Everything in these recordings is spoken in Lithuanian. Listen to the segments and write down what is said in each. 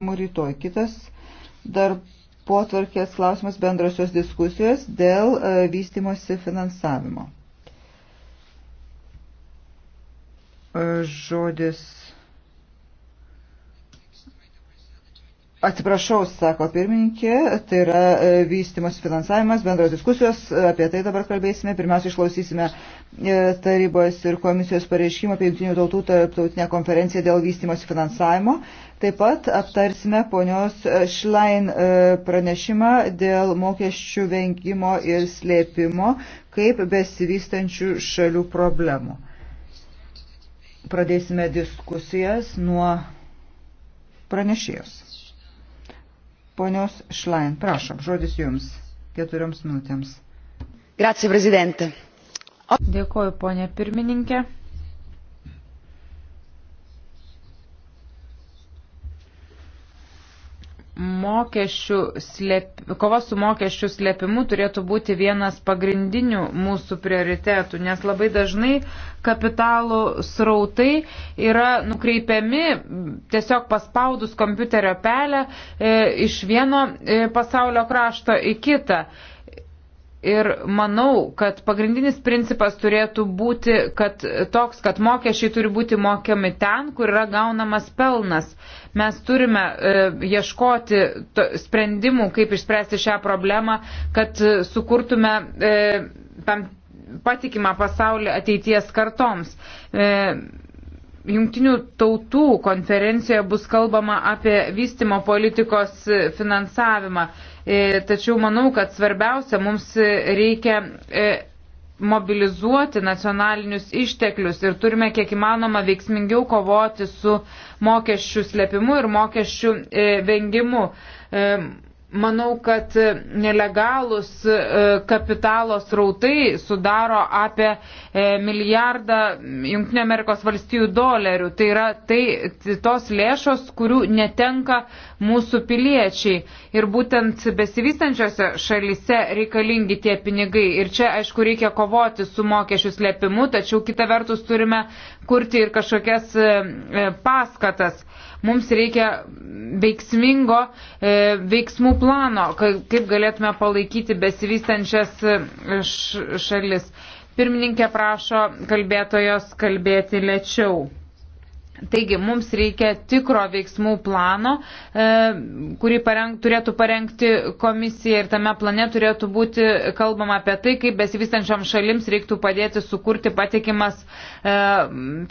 rytoj. Kitas darbo tvarkės klausimas bendrosios diskusijos dėl e, vystimosi finansavimo. E, žodis. Atsiprašau, sako pirmininkė, tai yra e, vystimas finansavimas, bendros diskusijos, apie tai dabar kalbėsime. Pirmiausia, išklausysime E, tarybos ir komisijos pareiškimą apie Junktinių tautų tarptautinę konferenciją dėl vystimosi finansavimo. Taip pat aptarsime ponios Šlain e, pranešimą dėl mokesčių vengimo ir slėpimo kaip besivystančių šalių problemų. Pradėsime diskusijas nuo pranešėjos. Ponios Šlain, prašom, žodis jums keturioms minutėms. Grazie, prezidente Dėkoju, ponė pirmininkė. mokesčių slėp, kova su mokesčių slėpimu turėtų būti vienas pagrindinių mūsų prioritetų, nes labai dažnai kapitalų srautai yra nukreipiami tiesiog paspaudus kompiuterio pelę e, iš vieno e, pasaulio krašto į kitą. Ir manau, kad pagrindinis principas turėtų būti kad toks, kad mokesčiai turi būti mokiami ten, kur yra gaunamas pelnas. Mes turime e, ieškoti to, sprendimų, kaip išspręsti šią problemą, kad e, sukurtume e, tam patikimą pasaulį ateities kartoms. E, Jungtinių tautų konferencijoje bus kalbama apie vystimo politikos finansavimą. E, E, tačiau manau, kad svarbiausia mums reikia e, mobilizuoti nacionalinius išteklius ir turime kiek įmanoma veiksmingiau kovoti su mokesčių slėpimu ir mokesčių e, vengimu. Manau, kad nelegalus e, kapitalo srautai sudaro apie e, milijardą Junktinio Amerikos valstijų dolerių. Tai yra tai, tos lėšos, kurių netenka mūsų piliečiai. Ir būtent besivystančiose šalise reikalingi tie pinigai. Ir čia, aišku, reikia kovoti su mokesčių slėpimu, tačiau kita vertus turime kurti ir kažkokias e, paskatas. Mums reikia veiksmingo e, veiksmų plano, kaip galėtume palaikyti besivystančias e, šalis. Pirmininkė prašo kalbėtojos kalbėti lėčiau. Taigi mums reikia tikro veiksmų plano, e, kurį pareng, turėtų parengti komisija ir tame plane turėtų būti kalbama apie tai, kaip besivystančiom šalims reiktų padėti sukurti patikimas e,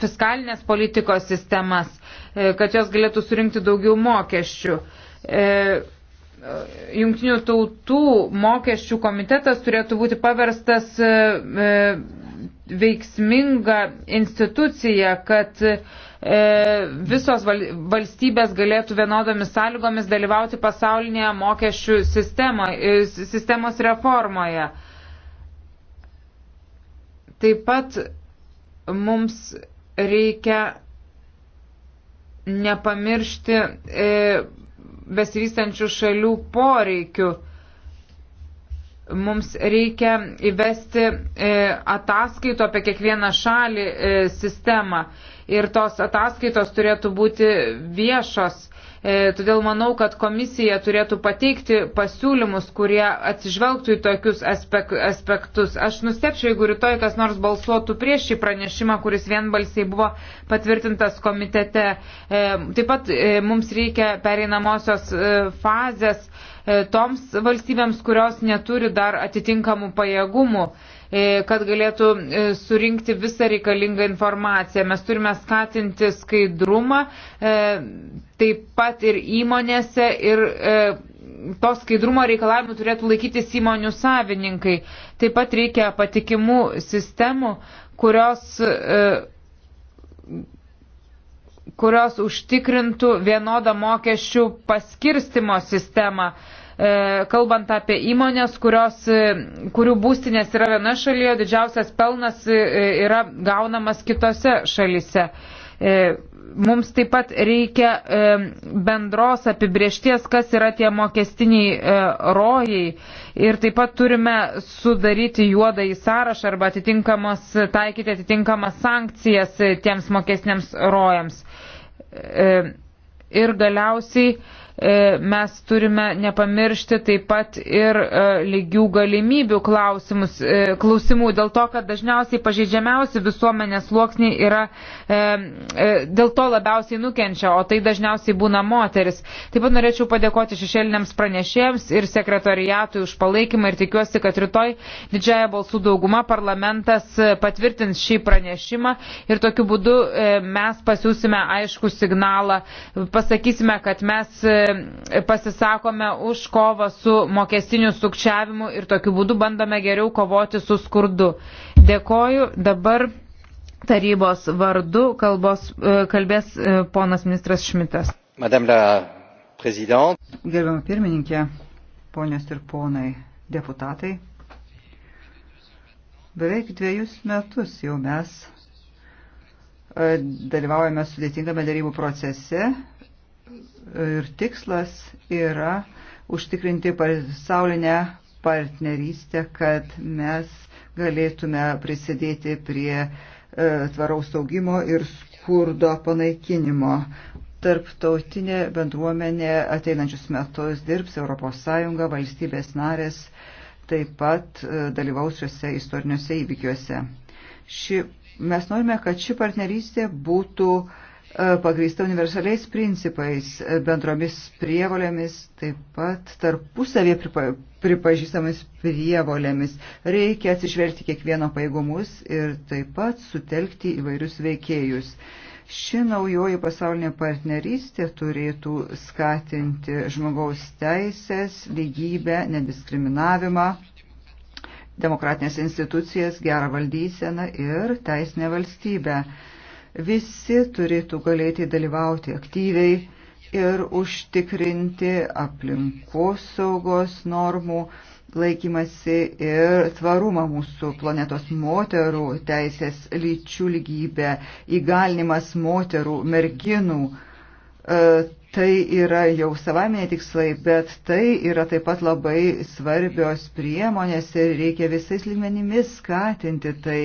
fiskalinės politikos sistemas, e, kad jos galėtų surinkti daugiau mokesčių. Jungtinių tautų mokesčių komitetas turėtų būti paverstas veiksminga institucija, kad E, visos valstybės galėtų vienodomis sąlygomis dalyvauti pasaulinėje mokesčių sistemo, e, sistemos reformoje. Taip pat mums reikia nepamiršti e, besivystančių šalių poreikių. Mums reikia įvesti e, ataskaitų apie kiekvieną šalį e, sistemą. E, ir tos ataskaitos turėtų būti viešos. E, todėl manau, kad komisija turėtų pateikti pasiūlymus, kurie atsižvelgtų į tokius aspek aspektus. Aš nustepčiau, jeigu rytoj kas nors balsuotų prieš šį pranešimą, kuris vienbalsiai buvo patvirtintas komitete. E, taip pat e, mums reikia pereinamosios fazės toms valstybėms, kurios neturi dar atitinkamų pajėgumų. E, kad galėtų e, surinkti visą reikalingą informaciją. Mes turime skatinti skaidrumą e, taip pat ir įmonėse ir to skaidrumo reikalavimų turėtų laikytis įmonių savininkai. Taip pat reikia patikimų sistemų, kurios kurios užtikrintų vienodą mokesčių paskirstimo sistemą. E, E, kalbant apie įmonės, kurios, e, kurių būstinės yra viena šalyje, didžiausias pelnas e, yra gaunamas kitose šalyse. Mums taip pat reikia bendros apibriešties, kas yra tie mokestiniai rojai ir taip pat turime sudaryti juodą į sąrašą arba atitinkamas, taikyti atitinkamas sankcijas tiems mokestiniams rojams. Ir galiausiai E, mes turime nepamiršti taip pat ir e, lygių galimybių klausimus, e, klausimų, dėl to, kad dažniausiai pažeidžiamiausi visuomenės sluoksniai yra, dėl to labiausiai nukenčia, o tai dažniausiai būna moteris. Taip pat norėčiau padėkoti šešėliniams pranešėjams ir sekretariatui už palaikymą ir tikiuosi, kad rytoj didžiaja balsų dauguma parlamentas patvirtins šį pranešimą ir tokiu būdu mes pasiūsime aišku signalą, pasakysime, kad mes pasisakome už kovą su mokestiniu sukčiavimu ir tokiu būdu bandome geriau kovoti su skurdu. Dėkoju. Dabar tarybos vardu kalbos, e, kalbės e, ponas ministras Šmitas. Gerbiamą pirmininkę, ponios ir ponai deputatai, beveik dviejus metus jau mes e, dalyvaujame sudėtingame darybų procese ir tikslas yra užtikrinti pasaulinę partnerystę, kad mes galėtume prisidėti prie e, tvaraus augimo ir skurdo panaikinimo. Tarptautinė bendruomenė ateinančius metus dirbs ES, valstybės narės taip pat e, dalyvaus šiuose istoriniuose įvykiuose. Ši, mes norime, kad ši partnerystė būtų uh, pagrįsta universaliais principais, bendromis prievolėmis, taip pat tarpusavė pripa, pripažįstamis prievolėmis. Reikia atsižvelgti kiekvieno paėgumus ir taip pat sutelkti įvairius veikėjus. Ši naujoji pasaulinė partnerystė turėtų skatinti žmogaus teisės, lygybę, nediskriminavimą, demokratinės institucijas, gerą valdyseną ir teisinę valstybę. Visi turėtų galėti dalyvauti aktyviai ir užtikrinti aplinkos saugos normų laikymasi ir tvarumą mūsų planetos moterų teisės lyčių lygybę, įgalinimas moterų, merginų. E, Tai yra jau savaminiai tikslai, bet tai yra taip pat labai svarbios priemonės ir reikia visais lygmenimis skatinti. Tai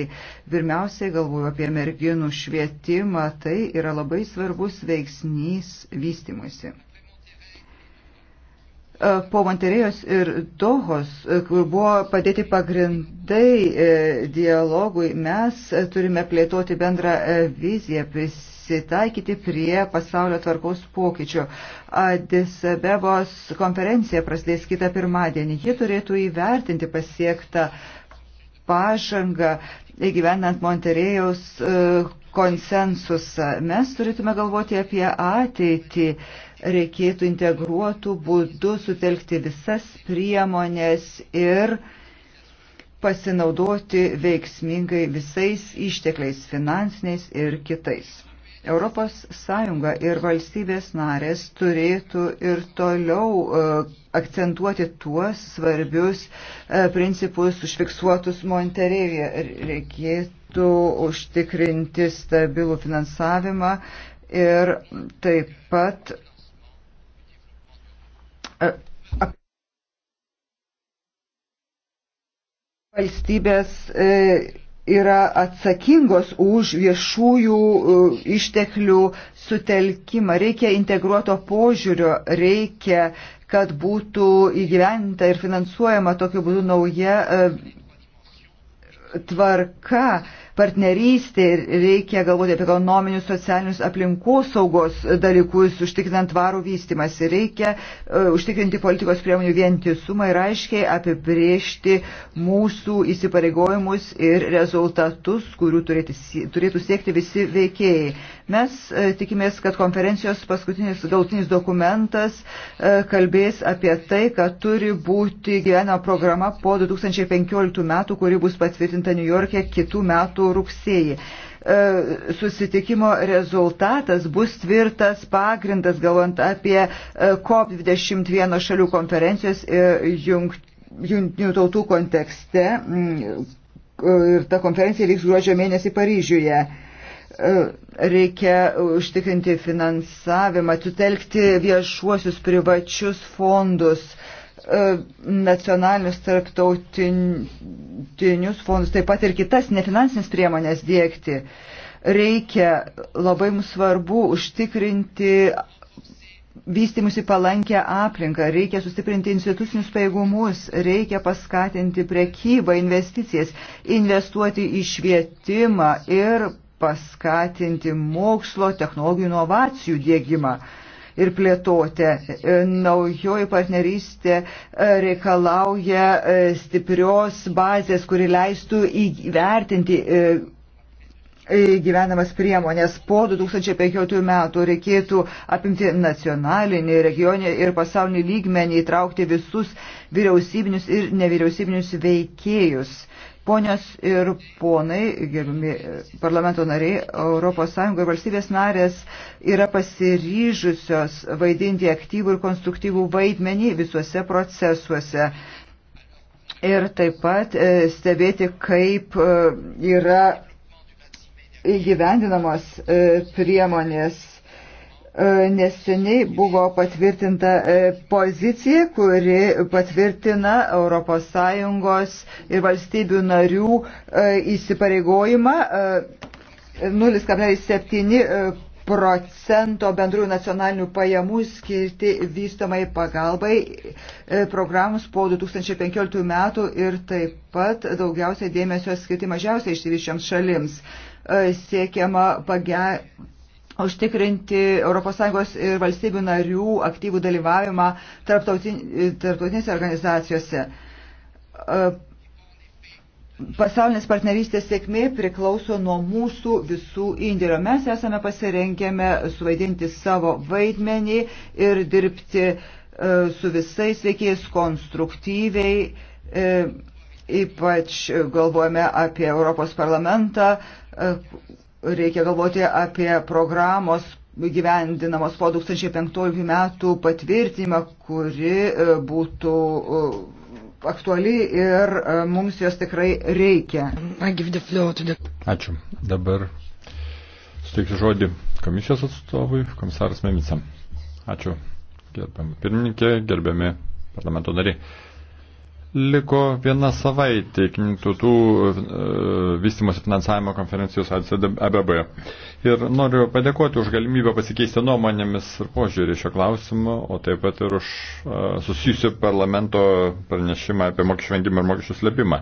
pirmiausiai galvoju apie merginų švietimą, tai yra labai svarbus veiksnys vystimuisi. E, po Monterėjos ir Dohos, e, kur buvo padėti pagrindai e, dialogui, mes turime plėtoti bendrą viziją, prisiminti prisitaikyti prie pasaulio tvarkos pokyčio. Adisabebos konferencija prasidės kitą pirmadienį. Ji turėtų įvertinti pasiektą pažangą įgyvenant Monterėjaus e, konsensusą. Mes turėtume galvoti apie ateitį. Reikėtų integruotų būdų sutelkti visas priemonės ir pasinaudoti veiksmingai visais ištekliais finansiniais ir kitais. ES ir valstybės narės turėtų ir toliau e, akcentuoti tuos svarbius e, principus užfiksuotus Monterėje. Reikėtų užtikrinti stabilų finansavimą ir taip pat e, valstybės yra atsakingos už viešųjų e, išteklių sutelkimą. Reikia integruoto požiūrio, reikia, kad būtų įgyventa ir finansuojama tokiu būdu nauja e, tvarka partnerystė ir reikia galvoti apie ekonominius, socialinius aplinkos saugos dalykus, užtikrinant tvarų vystimąsi. Reikia uh, užtikrinti politikos priemonių vientisumą ir aiškiai apibriežti mūsų įsipareigojimus ir rezultatus, kurių turėti, turėtų siekti visi veikėjai. Mes uh, tikimės, kad konferencijos paskutinis galtinis dokumentas uh, kalbės apie tai, kad turi būti gyvenama programa po 2015 metų, kuri bus patvirtinta New York'e kitų metų metų rugsėjį. E, susitikimo rezultatas bus tvirtas pagrindas, galvant apie e, COP21 šalių konferencijos jungtinių tautų kontekste. E, ir ta konferencija vyks gruodžio mėnesį Paryžiuje reikia užtikrinti finansavimą, atelkti viešuosius privačius fondus, uh, E, nacionalinius tarptautinius fondus, taip pat ir kitas nefinansinės priemonės dėkti. Reikia labai mums svarbu užtikrinti vystimusi palankę aplinką, reikia sustiprinti institucinius pajėgumus, reikia paskatinti prekybą, investicijas, investuoti į švietimą ir paskatinti mokslo technologijų inovacijų dėgymą ir plėtoti. E, naujoji partnerystė e, reikalauja e, stiprios bazės, kuri leistų įvertinti gyvenamas priemonės. Po 2015 metų reikėtų apimti nacionalinį, regionį ir pasaulinį lygmenį, įtraukti visus vyriausybinius ir nevyriausybinius veikėjus. Ponios ir ponai, gerbimi e, parlamento nariai, ES ir valstybės narės yra pasiryžusios vaidinti aktyvų ir konstruktyvų vaidmenį visuose procesuose. Ir taip pat e, stebėti, kaip e, yra įgyvendinamos priemonės E, neseniai buvo patvirtinta e, pozicija, kuri patvirtina ES ir valstybių narių e, įsipareigojimą 0,7 procento bendrųjų nacionalinių pajamų skirti vystamai pagalbai programs po 2015 metų ir taip pat daugiausiai dėmesio skirti mažiausiai išsivyščioms šalims. Siekiama pagerinti užtikrinti ES ir valstybių narių aktyvų dalyvavimą tarptautinėse organizacijose. E, pasaulinės partnerystės sėkmė priklauso nuo mūsų visų indėlio. Mes esame pasirengėme suvaidinti savo vaidmenį ir dirbti e, su visais veikėjais konstruktyviai, e, ypač galvojame apie Europos parlamentą, reikia galvoti apie programos gyvendinamos po 2005 metų patvirtinimą, kuri e, būtų e, aktuali ir e, mums jos tikrai reikia. Ačiū. Dabar suteiksiu žodį komisijos atstovui, komisaras Memica. Ačiū. Gerbiam pirmininkė, gerbiami parlamento nariai. Liko viena savaitė iki tų e, vystimosi finansavimo konferencijos Abebeje. Ir noriu padėkoti už galimybę pasikeisti nuomonėmis ir požiūrį šio klausimu, o taip pat ir už e, susijusių parlamento pranešimą apie mokesčių vengimą ir mokesčių slėpimą.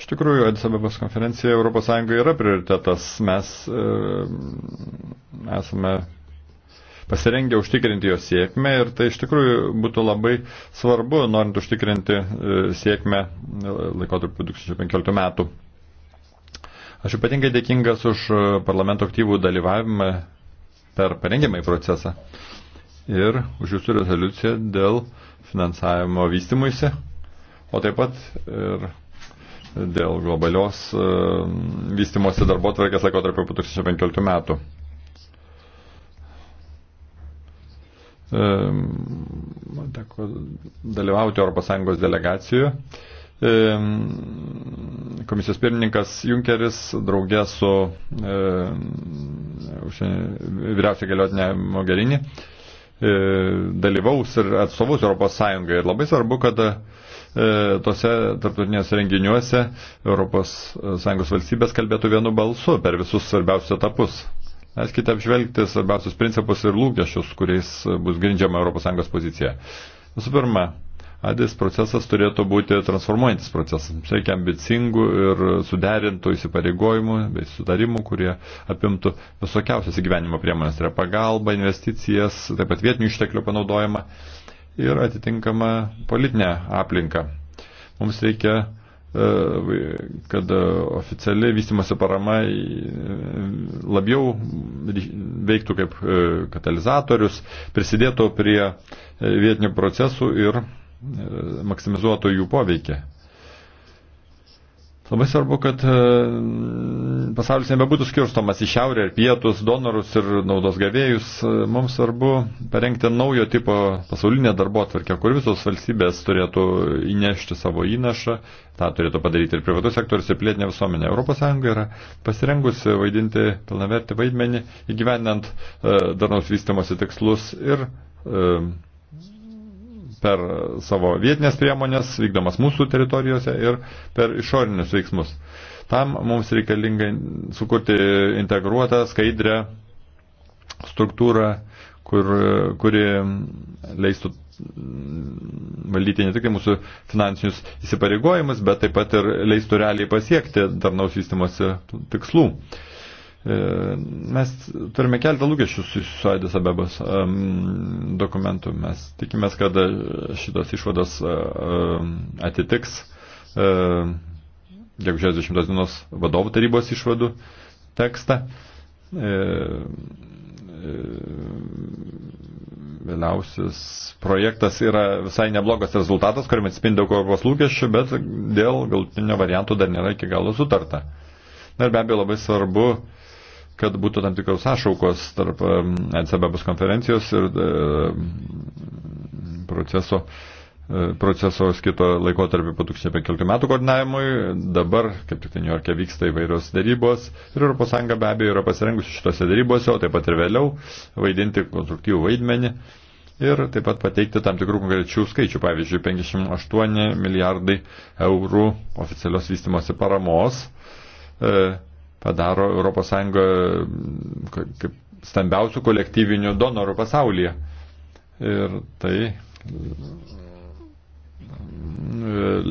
Iš tikrųjų, Adis Abebos konferencija ES yra prioritetas. Mes e, esame pasirengę užtikrinti jo sėkmę ir tai iš tikrųjų būtų labai svarbu, norint užtikrinti e, sėkmę e, laikotarpiu 2015 metų. Aš ypatingai dėkingas už e, parlamento aktyvų dalyvavimą per parengiamąjį procesą ir už jūsų rezoliuciją dėl finansavimo vystimuisi, o taip pat ir dėl globalios vystimosi darbo tvarkės laikotarpio po 2015 metų. teko dalyvauti ES delegacijoje. Komisijos pirmininkas Junkeris draugė su vyriausia galiotinė Mogherini e, dalyvaus ir atstovaus Europos Sąjungai. Ir labai svarbu, kad e, tose tarptautinėse renginiuose Europos Sąjungos valstybės kalbėtų vienu balsu per visus svarbiausius etapus. Leiskite apžvelgti svarbiausius principus ir lūkesčius, kuriais bus grindžiama ES pozicija. Visų pirma, Adis procesas turėtų būti transformuojantis procesas. Reikia ambicingų ir suderintų įsipareigojimų bei sutarimų, kurie apimtų visokiausias įgyvenimo priemonės. Tai yra pagalba, investicijas, taip pat vietinių išteklių panaudojimą ir atitinkamą politinę aplinką. Mums reikia E, kad oficiali vystimosi parama labiau veiktų kaip e, katalizatorius, prisidėtų prie e, vietinių procesų ir maksimizuotų jų poveikį. Labai svarbu, kad e, pasaulis nebebūtų skirstomas į šiaurę ir pietus, donorus ir naudos gavėjus. E, mums svarbu parengti naujo tipo pasaulinę darbo atvarkę, kur visos valstybės turėtų įnešti savo įnašą. Ta turėtų padaryti ir privatus sektorius, ir plėtinė visuomenė. ES yra pasirengusi vaidinti pilnavertį vaidmenį, įgyvendinant e, darnaus vystimosi tikslus ir per savo vietinės priemonės, vykdomas mūsų teritorijose ir per išorinius veiksmus. Tam mums reikalinga sukurti integruotą, skaidrę struktūrą, kur, kuri leistų valdyti ne tik tai mūsų finansinius įsipareigojimus, bet taip pat ir leistų realiai pasiekti darnaus vystimosi tikslų. Uh, E, mes turime keletą lūkesčių su Aidės Abebos dokumentu. Mes tikimės, kad e, šitas išvadas e, atitiks gegužės 10 dienos vadovų tarybos išvadų tekstą. Vėliausias projektas yra visai neblogas rezultatas, kuriam atspindi daug Europos lūkesčių, bet dėl galutinio varianto dar nėra iki galo sutarta. Na ir be abejo labai svarbu uh, kad būtų tam tikros sąšaukos tarp ECBS konferencijos ir e, proceso e, proceso skito laikotarpį po 2015 metų koordinavimui. Dabar, kaip tik tai New York'e vyksta įvairios darybos ir ES be abejo yra pasirengusi šitose darybose, o taip pat ir vėliau vaidinti konstruktyvų vaidmenį ir taip pat pateikti tam tikrų konkrečių skaičių, pavyzdžiui, 58 milijardai eurų oficialios vystimosi paramos. E, padaro ES mm, kaip stambiausių kolektyvinių donorų pasaulyje. Ir tai mm,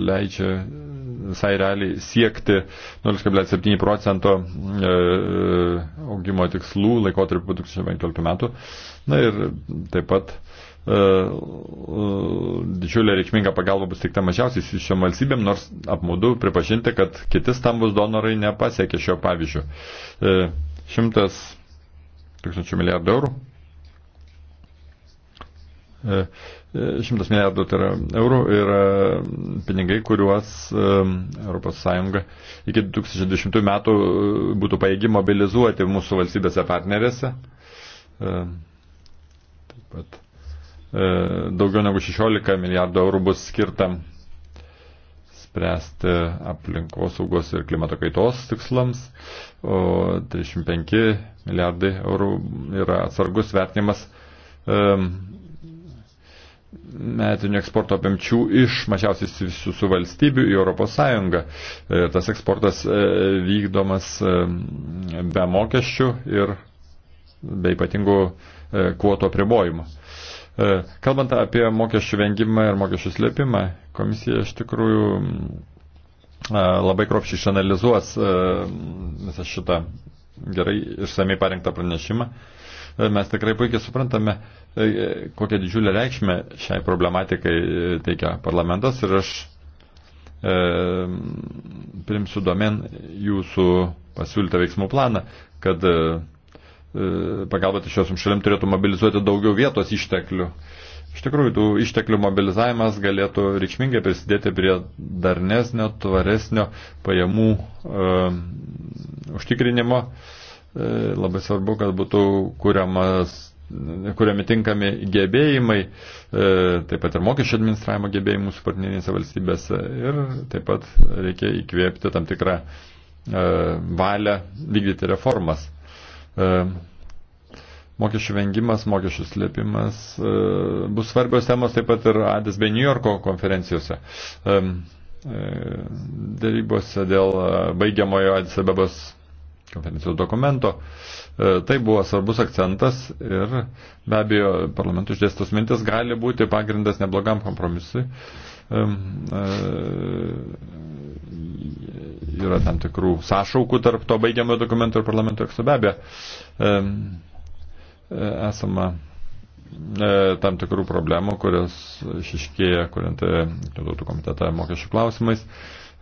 leidžia visai realiai siekti 0,7 procento e, augimo tikslų laikotarpiu 2015 metų. Na ir taip pat E, e, didžiulė reikšminga pagalba bus tik ta mažiausiai šiom valstybėm, nors apmaudu pripažinti, kad kiti stambus donorai nepasiekė šio pavyzdžio. E, šimtas tūkstančių milijardų eurų. Šimtas milijardų tai yra eurų yra pinigai, kuriuos ES iki 2020 metų būtų paėgi mobilizuoti mūsų valstybėse partnerėse. Taip pat E, daugiau negu 16 milijardų eurų bus skirta spręsti aplinkos saugos ir klimato kaitos tikslams, o 35 milijardai eurų yra atsargus vertinimas e, metinių eksporto apimčių iš mažiausiai visų valstybių į Europos Sąjungą. E, tas eksportas vykdomas be mokesčių ir be ypatingų kvotų apribojimų. E, kalbant apie mokesčių vengimą ir mokesčių slėpimą, komisija iš tikrųjų mm, e, labai kropšiai išanalizuos e, visą šitą gerai išsamei parengtą pranešimą. Mes tikrai puikiai suprantame, kokią didžiulę reikšmę šiai problematikai teikia parlamentas ir aš e, primsiu domen jūsų pasiūlytą veiksmų planą, kad E, pagalba trečiosioms tai šalim turėtų mobilizuoti daugiau vietos išteklių. Iš tikrųjų, tų išteklių mobilizavimas galėtų reikšmingai prisidėti prie darnesnio, tvaresnio pajamų e, užtikrinimo. E, labai svarbu, kad būtų kuriamas kuriami tinkami gebėjimai, e, taip pat ir mokesčio administravimo gebėjimai mūsų partnerinėse valstybėse ir taip pat reikia įkvėpti tam tikrą e, valią vykdyti reformas. E, mokesčių vengimas, mokesčių slėpimas e, bus svarbios temos taip pat ir Adis bei New Yorko konferencijose. E, Dėrybose dėl baigiamojo Adis Abebos konferencijos dokumento. Tai buvo svarbus akcentas ir be abejo parlamentų išdėstos mintis gali būti pagrindas neblogam kompromisui yra tam tikrų sąšaukų tarp to baigiamojo dokumento ir parlamento teksto. Be abejo, e, esama e, tam tikrų problemų, kurios išiškėja, kuriant e, tautų komitetą mokesčių klausimais.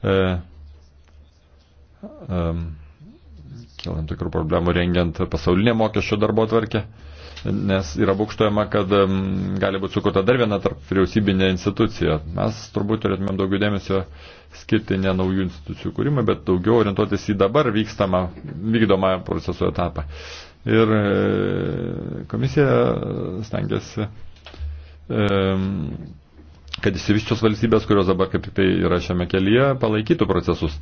E, e, Kilam tikrų problemų rengiant pasaulinę mokesčio darbo tvarkę. E, nes yra būkštojama, kad gali būti sukurta dar viena tarp vyriausybinė institucija. Mes turbūt turėtumėm daugiau dėmesio skirti ne naujų institucijų kūrimą, bet daugiau orientuotis į dabar vykstamą, vykdomą procesų etapą. Ir e, komisija stengiasi, kad įsivyščios valstybės, kurios dabar kaip tik tai yra šiame kelyje, palaikytų procesus.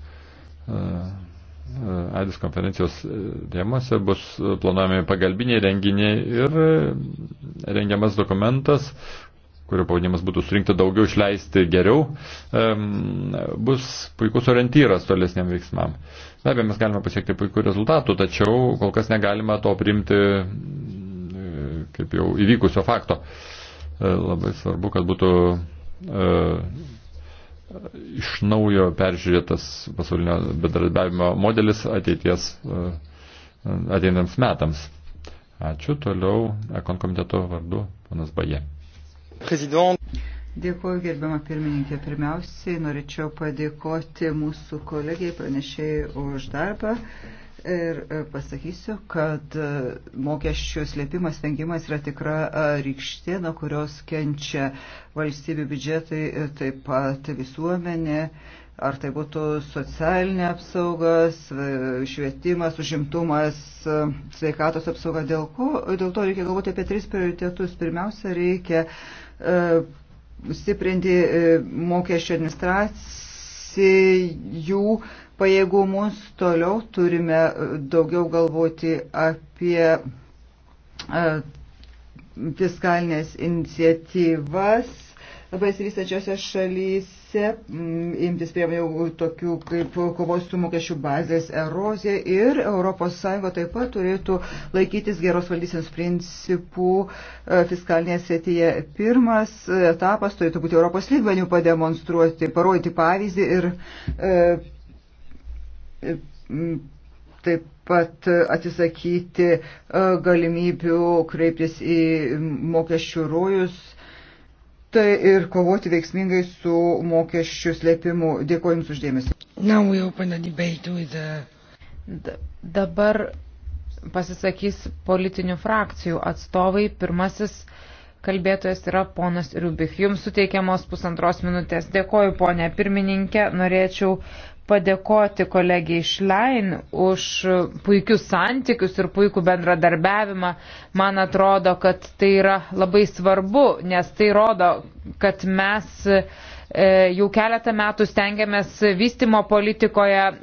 E, E, AIDS konferencijos e, rėmose bus e, planuojami pagalbiniai renginiai ir rengiamas dokumentas, kurio pavadinimas būtų surinkti daugiau, išleisti geriau, bus puikus orientyras tolesniam veiksmam. Be abejo, mes galime pasiekti puikų rezultatų, tačiau kol kas negalime to priimti kaip jau įvykusio fakto. Labai svarbu, kad būtų iš naujo peržiūrėtas pasaulinio bedarbiavimo modelis ateities e, ateinams metams. Ačiū. Toliau Ekon komiteto vardu ponas Baje. Prezident. Dėkuoju, gerbiama pirmininkė. Pirmiausiai norėčiau padėkoti mūsų kolegijai pranešėjai už darbą. Ir e, pasakysiu, kad e, mokesčių slėpimas, vengimas yra tikra e, rykštė, nuo kurios kenčia valstybių biudžetai ir taip pat visuomenė. Ar tai būtų socialinė apsaugas, švietimas, užimtumas, sveikatos apsauga. Dėl, ko? Dėl to reikia galvoti apie tris prioritetus. Pirmiausia, reikia stiprinti mokesčių administraciją visi jų pajėgumus. Toliau turime e, daugiau galvoti apie e, fiskalinės iniciatyvas besivystačiose šalyse mm, imtis priemonių tokių kaip kovos su mokesčių bazės erozija ir ES taip pat turėtų laikytis geros valdysenos principų e, fiskalinėje srityje. Pirmas etapas turėtų būti Europos lygmenių pademonstruoti, parodyti pavyzdį ir e, e taip pat atsisakyti e, galimybių kreiptis į mokesčių rojus tai ir kovoti veiksmingai su mokesčių slėpimu. Dėkuoju Jums uždėmesi. Dabar pasisakys politinių frakcijų atstovai. Pirmasis kalbėtojas yra ponas Rubik. Jums suteikiamos pusantros minutės. Dėkoju, ponė pirmininkė. Norėčiau padėkoti kolegijai Šlein už puikius santykius ir puikų bendradarbiavimą. Man atrodo, kad tai yra labai svarbu, nes tai rodo, kad mes e, jau keletą metų stengiamės vystimo politikoje e,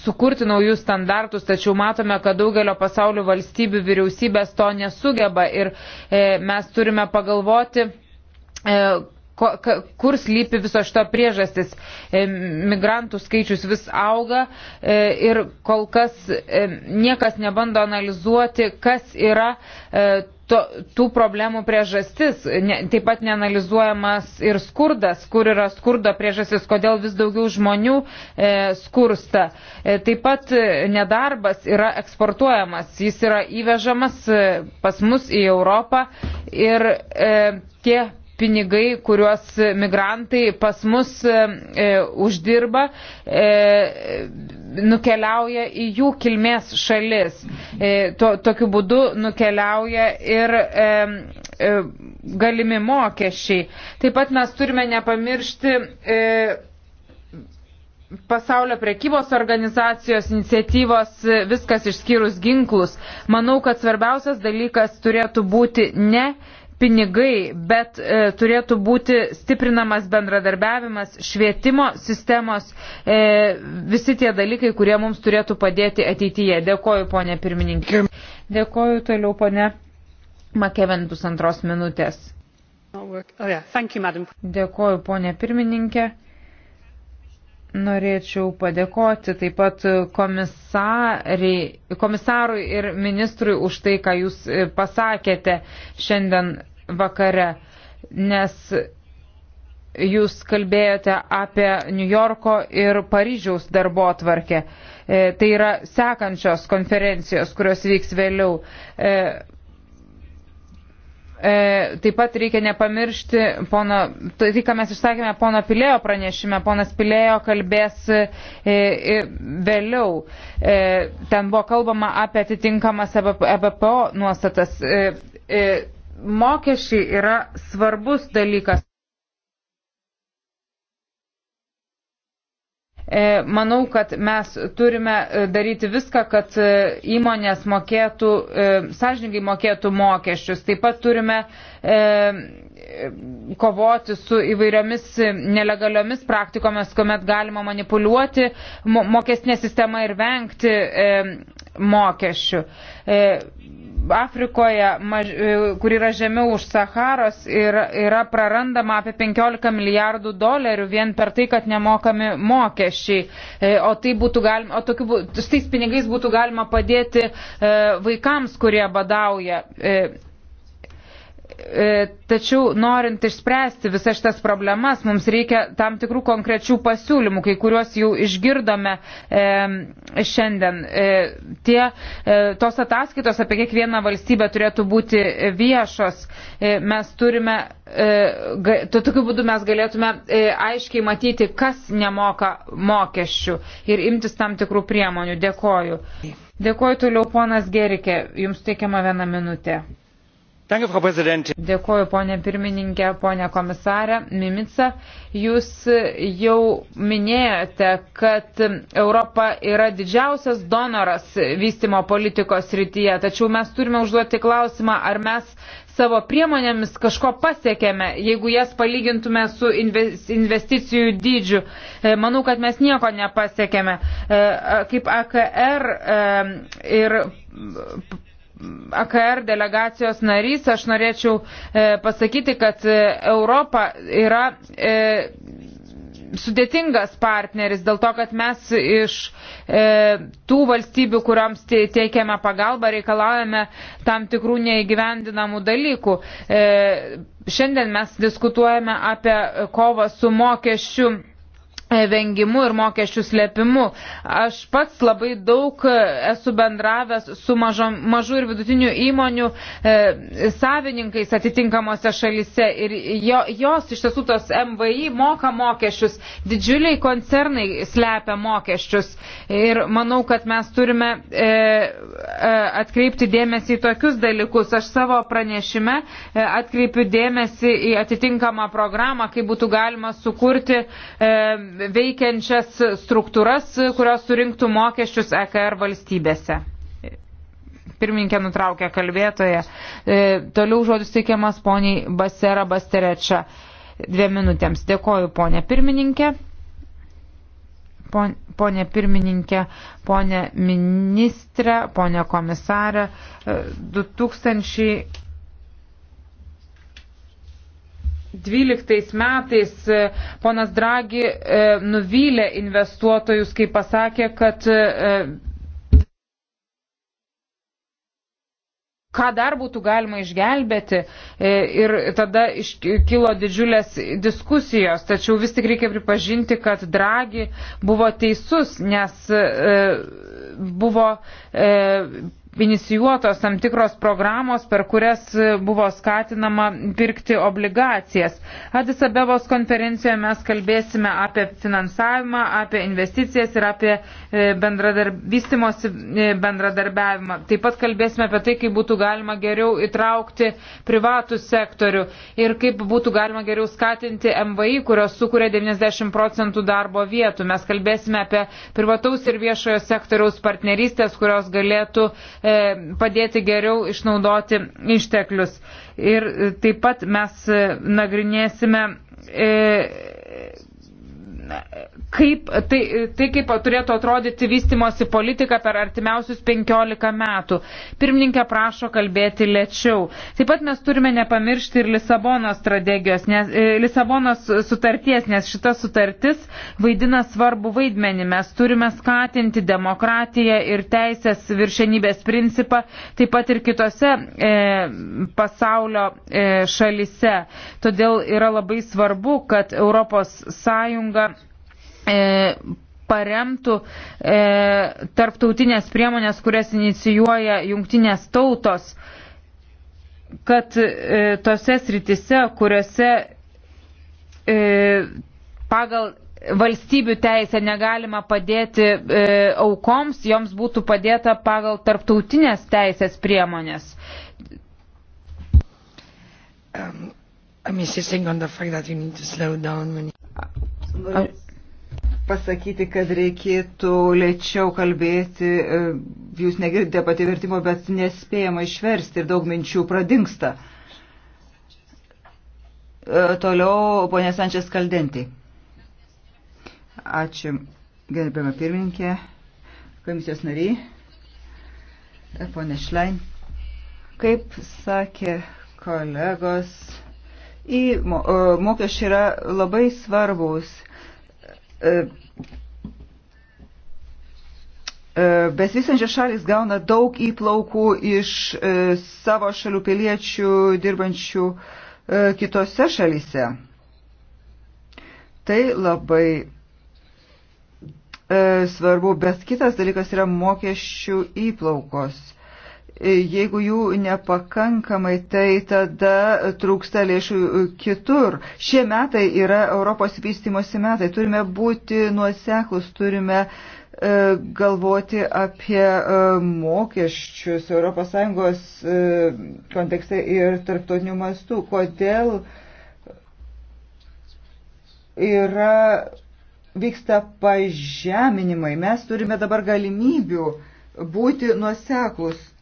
sukurti naujus standartus, tačiau matome, kad daugelio pasaulio valstybių vyriausybės to nesugeba ir e, mes turime pagalvoti, e, kur slypi viso šito priežastis. E, migrantų skaičius vis auga e, ir kol kas e, niekas nebando analizuoti, kas yra to, tų problemų priežastis. Ne, taip pat neanalizuojamas ir skurdas, kur yra skurdo priežastis, kodėl vis daugiau žmonių e, skursta. E, taip pat nedarbas yra eksportuojamas, jis yra įvežamas e, pas mus į Europą ir e, tie pinigai, kuriuos migrantai pas mus e, e, uždirba, e, nukeliauja į jų kilmės šalis. E, to, tokiu būdu nukeliauja ir e, e, galimi mokesčiai. Taip pat mes turime nepamiršti. E, pasaulio prekybos organizacijos iniciatyvos viskas išskyrus ginklus. Manau, kad svarbiausias dalykas turėtų būti ne pinigai, bet e, turėtų būti stiprinamas bendradarbiavimas, švietimo sistemos, e, visi tie dalykai, kurie mums turėtų padėti ateityje. Dėkoju, ponė pirmininkė. Dėkoju toliau, ponė Makeven, pusantros minutės. Oh, Dėkoju, ponė pirmininkė. Norėčiau padėkoti taip pat komisarui ir ministrui už tai, ką jūs e, pasakėte šiandien vakare, nes jūs kalbėjote apie New Yorko ir Paryžiaus darbo tvarkę. E, tai yra sekančios konferencijos, kurios vyks vėliau. E, E, taip pat reikia nepamiršti, pono, tai, tai ką mes išsakėme pono Pilėjo pranešime, ponas Pilėjo kalbės e, e, vėliau. E, ten buvo kalbama apie atitinkamas EBPO e nuostatas. E, e, mokesčiai yra svarbus dalykas. E, manau, kad mes turime e, daryti viską, kad e, įmonės mokėtų, sąžininkai mokėtų mokesčius. Taip pat turime kovoti su įvairiomis nelegaliomis praktikomis, kuomet galima manipuliuoti mokestinę sistemą ir vengti mokesčių. Afrikoje, maž, e, kur yra žemiau už Saharos, ir yra prarandama apie 15 milijardų dolerių vien per tai, kad nemokami mokesčiai. E, o, tai būtų galima, o tokiu, tais pinigais būtų galima padėti e, vaikams, kurie badauja. E, tačiau norint išspręsti visas šitas problemas, mums reikia tam tikrų konkrečių pasiūlymų, kai kuriuos jau išgirdome e, šiandien. E, tie, e, tos ataskaitos apie kiekvieną valstybę turėtų būti viešos. E, mes turime, e, to, tokiu būdu mes galėtume e, aiškiai matyti, kas nemoka mokesčių ir imtis tam tikrų priemonių. Dėkoju. Dėkoju toliau ponas Gerikė, jums teikiama viena minutė. Dėkuoju, ponė pirmininkė, ponė komisarė Mimica. Jūs jau minėjote, kad Europa yra didžiausias donoras vystimo politikos rytyje, tačiau mes turime užduoti klausimą, ar mes savo priemonėmis kažko pasiekėme, jeigu jas palygintume su investicijų dydžiu. E, manau, kad mes nieko nepasiekėme. E, kaip AKR e, ir AKR delegacijos narys, aš norėčiau e, pasakyti, kad e, Europa yra e, sudėtingas partneris dėl to, kad mes iš e, tų valstybių, kuriams teikiame pagalbą, reikalaujame tam tikrų neįgyvendinamų dalykų. E, šiandien mes diskutuojame apie kovą su mokesčiu E, vengimu ir mokesčių slėpimu. Aš pats labai daug esu bendravęs su mažo, mažų ir vidutinių įmonių e, savininkais atitinkamose šalise ir jo, jos iš tiesų tos MVI moka mokesčius, didžiuliai koncernai slepia mokesčius ir manau, kad mes turime e, e, atkreipti dėmesį į tokius dalykus. Aš savo pranešime e, atkreipiu dėmesį į atitinkamą programą, kaip būtų galima sukurti e, veikiančias struktūras, kurios surinktų mokesčius EKR valstybėse. Pirminkė nutraukė kalbėtoje. Toliau žodis teikiamas poniai Basera Basterečia. Dviem minutėms. Dėkoju, ponė pirmininkė. Pone pirmininkė, ponė ministrė, ponė komisarė, 2000. E, 2012 metais e, ponas Dragi e, nuvylė investuotojus, kai pasakė, kad e, ką dar būtų galima išgelbėti ir tada iškilo didžiulės diskusijos. Tačiau vis tik reikia pripažinti, kad Dragi buvo teisus, nes buvo inicijuotos tam tikros programos, per kurias buvo skatinama pirkti obligacijas. Adis Abebos konferencijoje mes kalbėsime apie finansavimą, apie investicijas ir apie e, bendradarbystimosi e, bendradarbiavimą. Taip pat kalbėsime apie tai, kaip būtų galima geriau įtraukti privatų sektorių ir kaip būtų galima geriau skatinti MVI, kurios sukuria 90 procentų darbo vietų. Mes kalbėsime apie privataus ir viešojo sektoriaus partnerystės, kurios galėtų e, E, padėti geriau išnaudoti išteklius. Ir taip pat mes e, nagrinėsime e, kaip, tai, tai kaip turėtų atrodyti vystimosi politika per artimiausius 15 metų. Pirmininkė prašo kalbėti lėčiau. Taip pat mes turime nepamiršti ir Lisabonos strategijos, nes, e, Lisabonos sutarties, nes šita sutartis vaidina svarbu vaidmenį. Mes turime skatinti demokratiją ir teisės viršenybės principą, taip pat ir kitose e, pasaulio e, šalise. Todėl yra labai svarbu, kad Europos Sąjunga E, paremtų e, tarptautinės priemonės, kurias inicijuoja jungtinės tautos, kad e, tose sritise, kuriuose e, pagal valstybių teisę negalima padėti e, aukoms, joms būtų padėta pagal tarptautinės teisės priemonės. Um, I'm insisting on the fact that you need to slow down when you pasakyti, kad reikėtų lėčiau kalbėti, e, jūs negirdite pati vertimo, bet nespėjama išversti ir daug minčių pradingsta. E, toliau ponė Sančias Kaldentį. Ačiū, gerbiama pirmininkė, komisijos nariai, e, ponė Šlein. Kaip sakė kolegos, į mokesčiai yra labai svarbus E, e, Besisančios šalis gauna daug įplaukų iš e, savo šalių piliečių dirbančių kitose šalyse. Tai labai svarbu, bet kitas dalykas yra mokesčių įplaukos. Jeigu jų nepakankamai, tai tada trūksta lėšų kitur. Šie metai yra Europos vystimosi metai. Turime būti nuoseklus, turime e, galvoti apie e, mokesčius ES e, kontekste ir tarptautinių mastų. Kodėl yra, vyksta pažeminimai? Mes turime dabar galimybių būti nuoseklus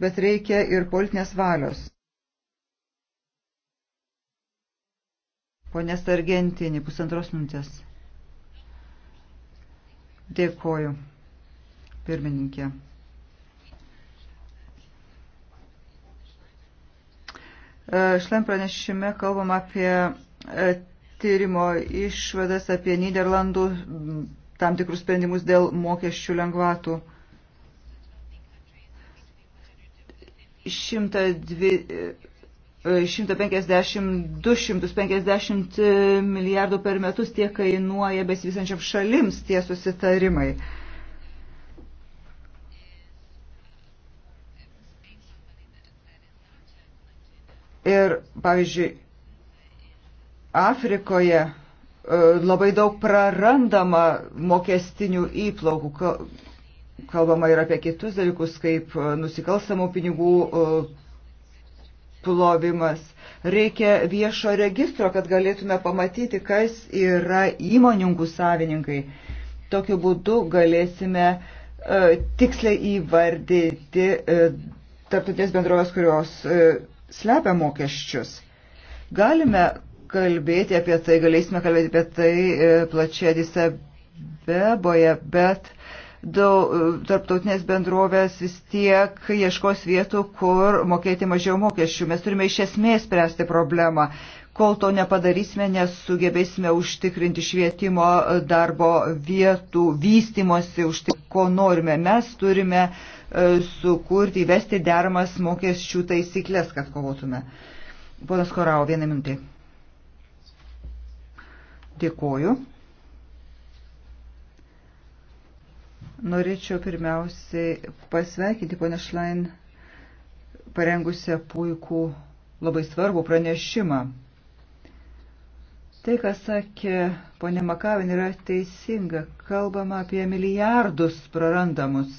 bet reikia ir politinės valios. Pone Sargentinį, pusantros minutės. Dėkoju, pirmininkė. E, Šlem pranešime kalbam apie e, tyrimo išvadas apie Niderlandų tam tikrus sprendimus dėl mokesčių lengvatų. 150-250 e, milijardų per metus tiek kainuoja besivysančiam šalims tie susitarimai. Ir, pavyzdžiui, Afrikoje e, labai daug prarandama mokestinių įplaukų kalbama ir apie kitus dalykus, kaip e, nusikalstamų pinigų e, plovimas. Reikia viešo registro, kad galėtume pamatyti, kas yra įmoninkų savininkai. Tokiu būdu galėsime e, tiksliai įvardyti tarptautinės bendrovės, kurios slepia mokesčius. Galime kalbėti apie tai, galėsime kalbėti apie tai plačiai disabeboje, bet uh, daug, tarptautinės bendrovės vis tiek ieškos vietų, kur mokėti mažiau mokesčių. Mes turime iš esmės spręsti problemą. Kol to nepadarysime, nesugebėsime užtikrinti švietimo darbo vietų, vystimosi, užtikrinti, ko norime. Mes turime e, sukurti, įvesti dermas mokesčių taisyklės, kad kovotume. Ponas Korau, vieną minutį. Dėkuoju. Norėčiau pirmiausiai pasveikinti ponę Šlain parengusią puikų, labai svarbų pranešimą. Tai, ką sakė ponė Makavin, yra teisinga. Kalbama apie milijardus prarandamus.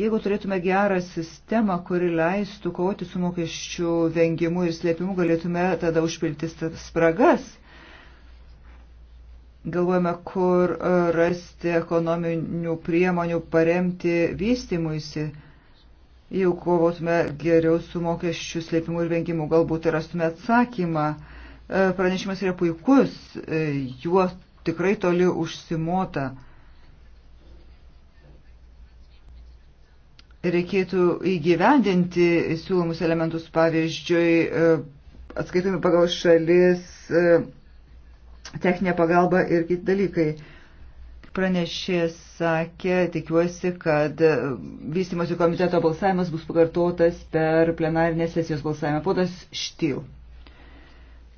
Jeigu turėtume gerą sistemą, kuri leistų kovoti su mokesčių vengimu ir slėpimu, galėtume tada užpilti spragas galvojame, kur e, rasti ekonominių priemonių paremti vystimuisi, jau kovotume geriau su mokesčių slėpimu ir vengimu, galbūt ir rastume atsakymą. E, pranešimas yra puikus, e, juo tikrai toli užsimota. Reikėtų įgyvendinti siūlomus elementus, pavyzdžiui, atskaitomi pagal šalis techninė pagalba ir kiti dalykai. Pranešė sakė, tikiuosi, kad vystimosi komiteto balsavimas bus pakartotas per plenarinės sesijos balsavimą. Podas Štyl.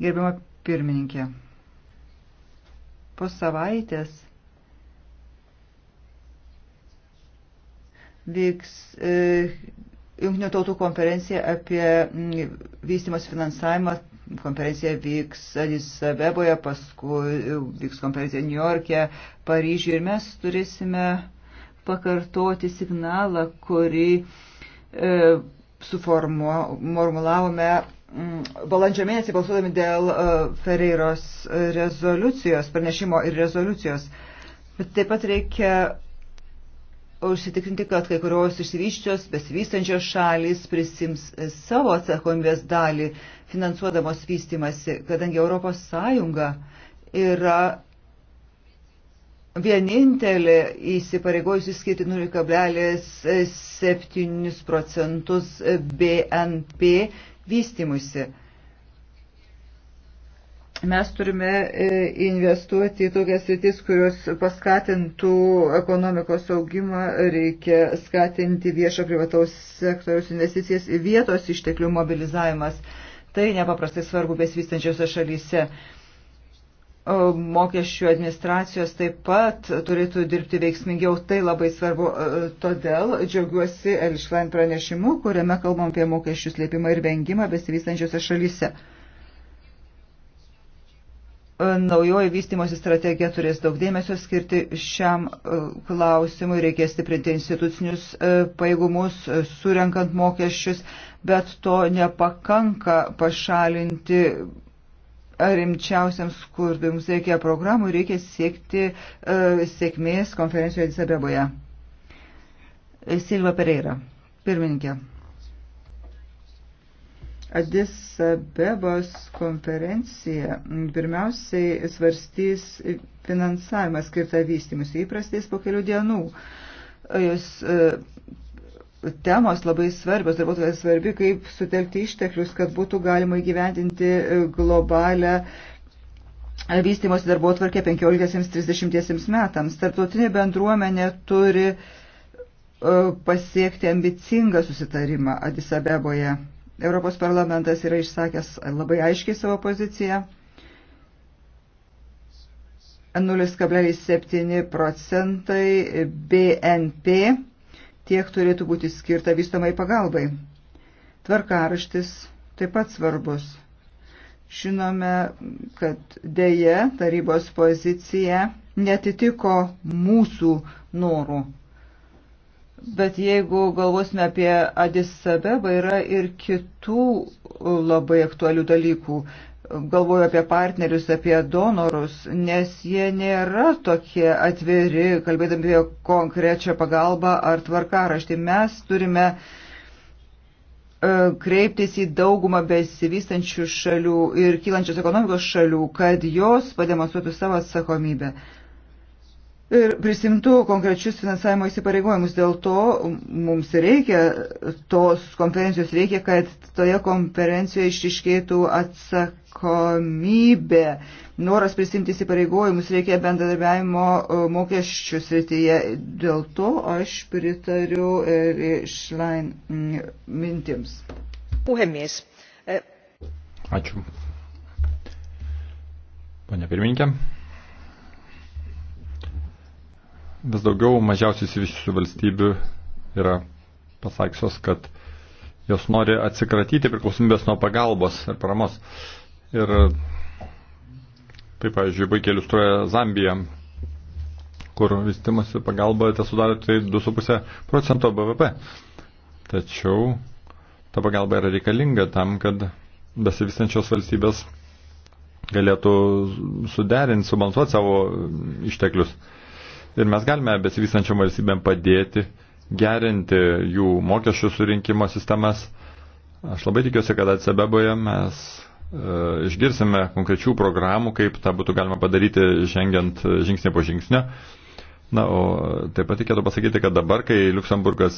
Gerbiama pirmininkė. Po savaitės vyks e, Junktinių tautų konferencija apie vystimos finansavimą konferencija vyks Adis Abeboje, paskui vyks konferencija New York'e, Paryžiuje ir mes turėsime pakartoti signalą, kurį e, suformulavome mm, balandžio mėnesį balsuodami dėl e, Ferreiros rezoliucijos, pranešimo ir rezoliucijos. Bet taip pat reikia užsitikrinti, kad kai kurios išsivyščios, besivystančios šalis prisims savo atsakomybės dalį finansuodamos vystimasi, kadangi Europos Sąjunga yra vienintelė įsipareigojusi skirti 0,7 procentus BNP vystimusi. Mes turime e, investuoti į tokias rytis, kurios paskatintų ekonomikos augimą, reikia skatinti viešo privataus sektoriaus investicijas į vietos išteklių mobilizavimas. Tai nepaprastai svarbu besivystančiose šalyse. Mokesčių administracijos taip pat turėtų dirbti veiksmingiau, tai labai svarbu. E, todėl džiaugiuosi Elšlain pranešimu, kuriame kalbam apie mokesčių slėpimą ir vengimą besivystančiose šalyse. E, naujoji vystimosi strategija turės daug dėmesio skirti šiam e, klausimui, reikės stiprinti institucinius e, paėgumus, surenkant mokesčius, bet to nepakanka pašalinti rimčiausiams skurdui. Mums reikia programų, reikia siekti sėkmės konferencijoje Disabeboje. Silva Pereira, pirmininkė. Adis Abebos konferencija pirmiausiai svarstys finansavimą skirtą vystymus. Jį prasidės po kelių dienų. Jos e, temos labai svarbios, turbūt labai svarbi, kaip sutelkti išteklius, kad būtų galima įgyvendinti e, globalę vystimosi darbo tvarkę 15-30 metams. Tarptautinė bendruomenė turi e, pasiekti ambicingą susitarimą Adisabeboje. Abeboje Europos parlamentas yra išsakęs labai aiškiai savo poziciją. 0,7 procentai BNP tiek turėtų būti skirta vystomai pagalbai. Tvarkaraštis taip pat svarbus. Žinome, kad dėje tarybos pozicija netitiko mūsų norų. Bet jeigu galvosime apie Adis Abebą, yra ir kitų labai aktualių dalykų. Galvoju apie partnerius, apie donorus, nes jie nėra tokie atviri, kalbėdami apie konkrečią pagalbą ar tvarkaraštį. Mes turime e, kreiptis į daugumą besivystančių šalių ir kylančios ekonomikos šalių, kad jos pademonstruotų savo atsakomybę ir prisimtų konkrečius finansavimo įsipareigojimus. Dėl to mums reikia tos konferencijos, reikia, kad toje konferencijoje išiškėtų atsakomybė, noras prisimti įsipareigojimus, reikia bendradarbiavimo e, mokesčių srityje. Dėl to aš pritariu ir išlain mm, mintims. Puhemies. E- Ačiū. Pane pirmininkė vis daugiau mažiausiai įsivyščiusių valstybių yra pasakysios, kad jos nori atsikratyti priklausomybės nuo pagalbos ir paramos. Ir taip, pavyzdžiui, baigiai iliustruoja Zambija, kur vystimasi pagalba te sudaro tai 2,5 procento BVP. Tačiau ta pagalba yra reikalinga tam, kad besivystančios valstybės galėtų suderinti, subalansuoti savo išteklius. Ir mes galime besivystančiam valstybėm padėti gerinti jų mokesčių surinkimo sistemas. Aš labai tikiuosi, kad atsebeboje mes e, išgirsime konkrečių programų, kaip tą būtų galima padaryti žengiant žingsnį po žingsnio. Na, o taip pat reikėtų pasakyti, kad dabar, kai Luksemburgas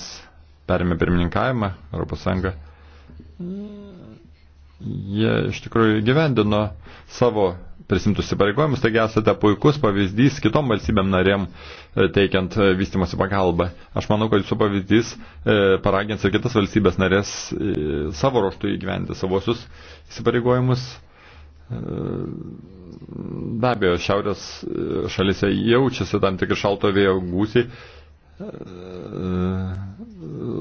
perėmė pirmininkavimą, ES, jie iš tikrųjų gyvendino savo prisimtus įpareigojimus, taigi esate puikus pavyzdys kitom valstybėm narėm e, teikiant e, vystimosi pagalbą. Aš manau, kad jūsų pavyzdys e, paragins ir kitas valstybės narės savo ruoštų įgyventi savosius įsipareigojimus. Be abejo, šiaurės šalise jaučiasi tam tikri šalto vėjo gūsiai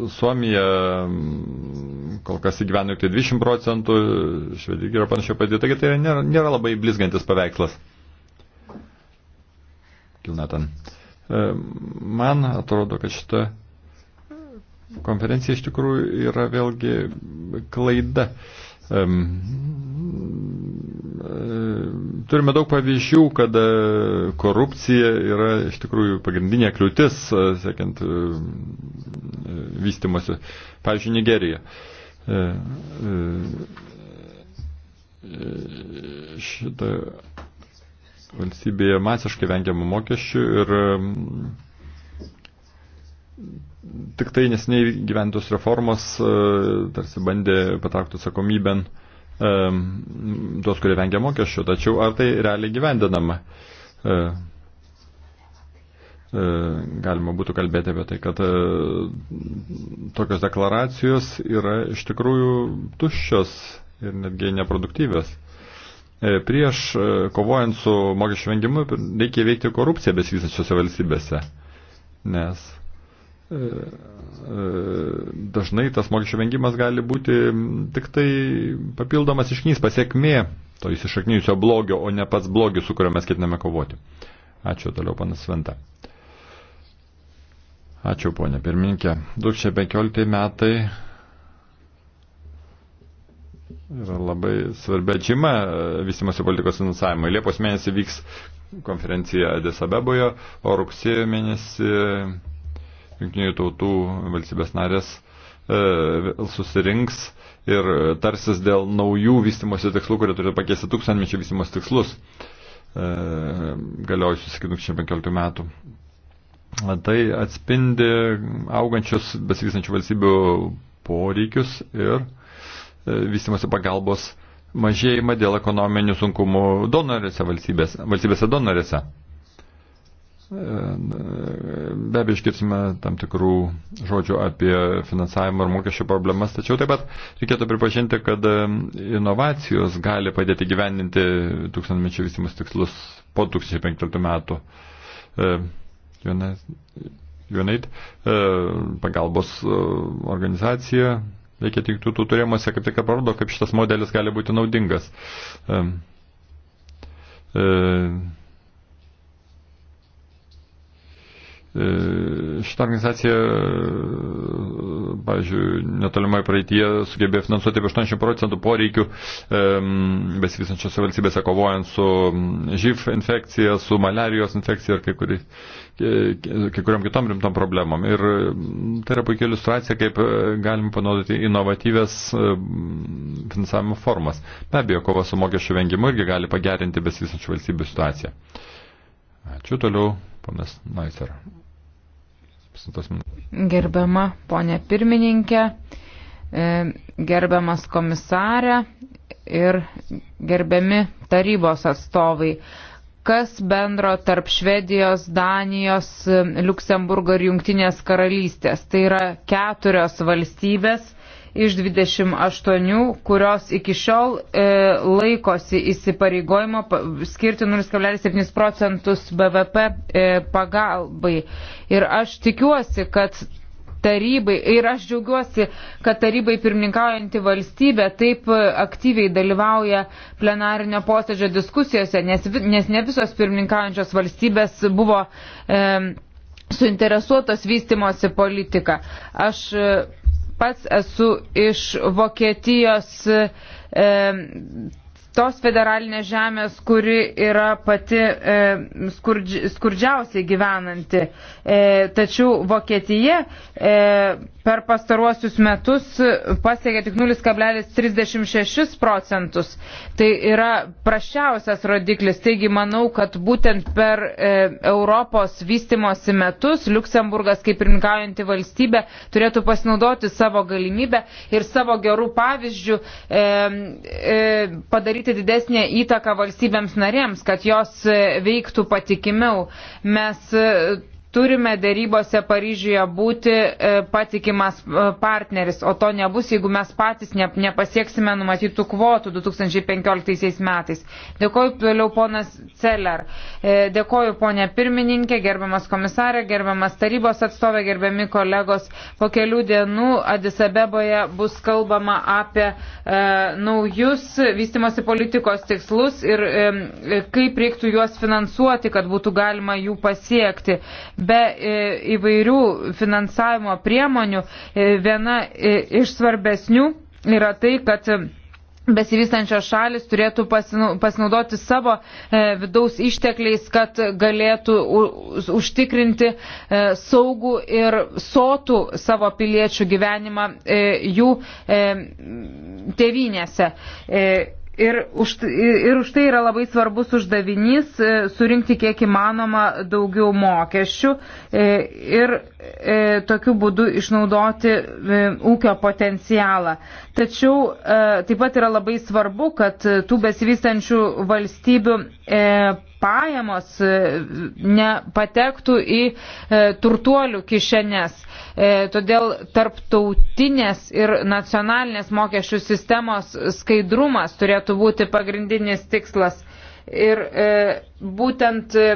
Suomija mm, kol kas įgyveno tik 20 procentų, Švedija yra panašiai padėti, taigi tai nėra, nėra labai blizgantis paveikslas. Kilnatan. E, man atrodo, kad šita konferencija iš tikrųjų yra vėlgi klaida. Uh, Turime daug pavyzdžių, kada korupcija yra iš tikrųjų pagrindinė kliūtis, e, sėkiant e, e, vystimosi. Pavyzdžiui, Nigerija. Šitą valstybėje masiškai vengiama mokesčių ir tik tai nesiniai gyventos reformos e, tarsi bandė patraukti atsakomybę e, tuos, kurie vengia mokesčių, tačiau ar tai realiai gyvendinama? E, galima būtų kalbėti apie tai, kad tokios deklaracijos yra iš tikrųjų tuščios ir netgi neproduktyvios prieš kovojant su mokesčių vengimu reikia veikti korupciją besivysančiose valstybėse. Nes E, e, dažnai tas mokesčių vengimas gali būti tik tai papildomas išknys pasiekmė to įsišaknyjusio blogio, o ne pats blogis, su kuriuo mes ketiname kovoti. Ačiū toliau, panas Sventa. Ačiū, ponė pirmininkė. 2015 metai yra labai svarbia žyma vystimosi politikos finansavimui. Liepos mėnesį vyks konferencija Adis Abeboje, o rugsėjo mėnesį jungtinių tautų valstybės narės e, susirinks ir tarsis dėl naujų vystimosi tikslų, kurie turėtų pakeisti tūkstantmečio vystimosi tikslus e, galiojusius iki 2015 metų. Tai atspindi augančius besivystančių valstybių poreikius ir e, vystimosi pagalbos mažėjimą dėl ekonominių sunkumų donorėse valstybės, valstybėse donorėse. Be abejo, išgirsime tam tikrų žodžių apie finansavimo ir mokesčių problemas, tačiau taip pat reikėtų pripažinti, kad inovacijos gali padėti gyvendinti tūkstantmečio vystimus tikslus po 2015 metų. Junait, e, e, pagalbos e, organizacija, reikia tik tų turėjimuose, kaip tik parodo, kaip šitas modelis gali būti naudingas. E, e, E, Šitą organizaciją, e, pavyzdžiui, netolimai praeitie sugebėjo finansuoti apie 80 procentų poreikių e, besivysančiose valstybėse kovojant su živ infekcija, su malerijos infekcija ir kai, kuri, kai kuriam kitom rimtom problemom. Ir tai yra puikia iliustracija, kaip galim panaudoti inovatyvės finansavimo formas. Be abejo, kova su mokesčių vengimu irgi gali pagerinti besivysančių valstybių situaciją. Ačiū toliau, panas Naiser. Gerbiama ponė pirmininkė, e, gerbiamas komisarė ir gerbiami tarybos atstovai kas bendro tarp Švedijos, Danijos, Luksemburgo ir Jungtinės karalystės. Tai yra keturios valstybės iš 28, kurios iki šiol e, laikosi įsipareigojimo skirti 0,7 procentus BVP e, pagalbai. Ir aš tikiuosi, kad tarybai, ir aš džiaugiuosi, kad tarybai pirmininkaujanti valstybė taip e, aktyviai dalyvauja plenarinio posėdžio diskusijose, nes, nes ne visos pirmininkaujančios valstybės buvo e, suinteresuotos vystimosi politika. Aš e, pats esu iš Vokietijos e, tos federalinės žemės, kuri yra pati e, skurdži, skurdžiausiai gyvenanti. E, tačiau Vokietija e, per pastaruosius metus pasiekė tik 0,36 procentus. Tai yra prašiausias rodiklis. Taigi manau, kad būtent per e, Europos vystimosi metus Luksemburgas kaip pirmininkaujanti valstybė turėtų pasinaudoti savo galimybę ir savo gerų pavyzdžių e, e, padaryti daryti didesnę įtaką valstybėms narėms, kad jos veiktų patikimiau. Mes turime dėrybose Paryžiuje būti e, patikimas e, partneris, o to nebus, jeigu mes patys nepasieksime numatytų kvotų 2015 metais. Dėkoju toliau ponas Celler. E, dėkoju ponė pirmininkė, gerbiamas komisarė, gerbiamas tarybos atstovė, gerbiami kolegos. Po kelių dienų Adisabeboje bus kalbama apie e, naujus vystimosi politikos tikslus ir e, kaip reiktų juos finansuoti, kad būtų galima jų pasiekti Be e, įvairių finansavimo priemonių e, viena e, iš svarbesnių yra tai, kad besivystančios šalis turėtų pasinaudoti savo vidaus ištekliais, kad galėtų užtikrinti saugų ir sotų savo piliečių gyvenimą jų tevinėse. Ir už, ir už tai yra labai svarbus uždavinys e, surinkti kiek įmanoma daugiau mokesčių e, ir e, tokiu būdu išnaudoti ūkio potencialą. Tačiau taip pat yra labai svarbu, kad tų besivystančių valstybių pajamos e, nepatektų į e, turtuolių kišenes. E, todėl tarptautinės ir nacionalinės mokesčių sistemos skaidrumas turėtų būti pagrindinis tikslas. Ir e, būtent e,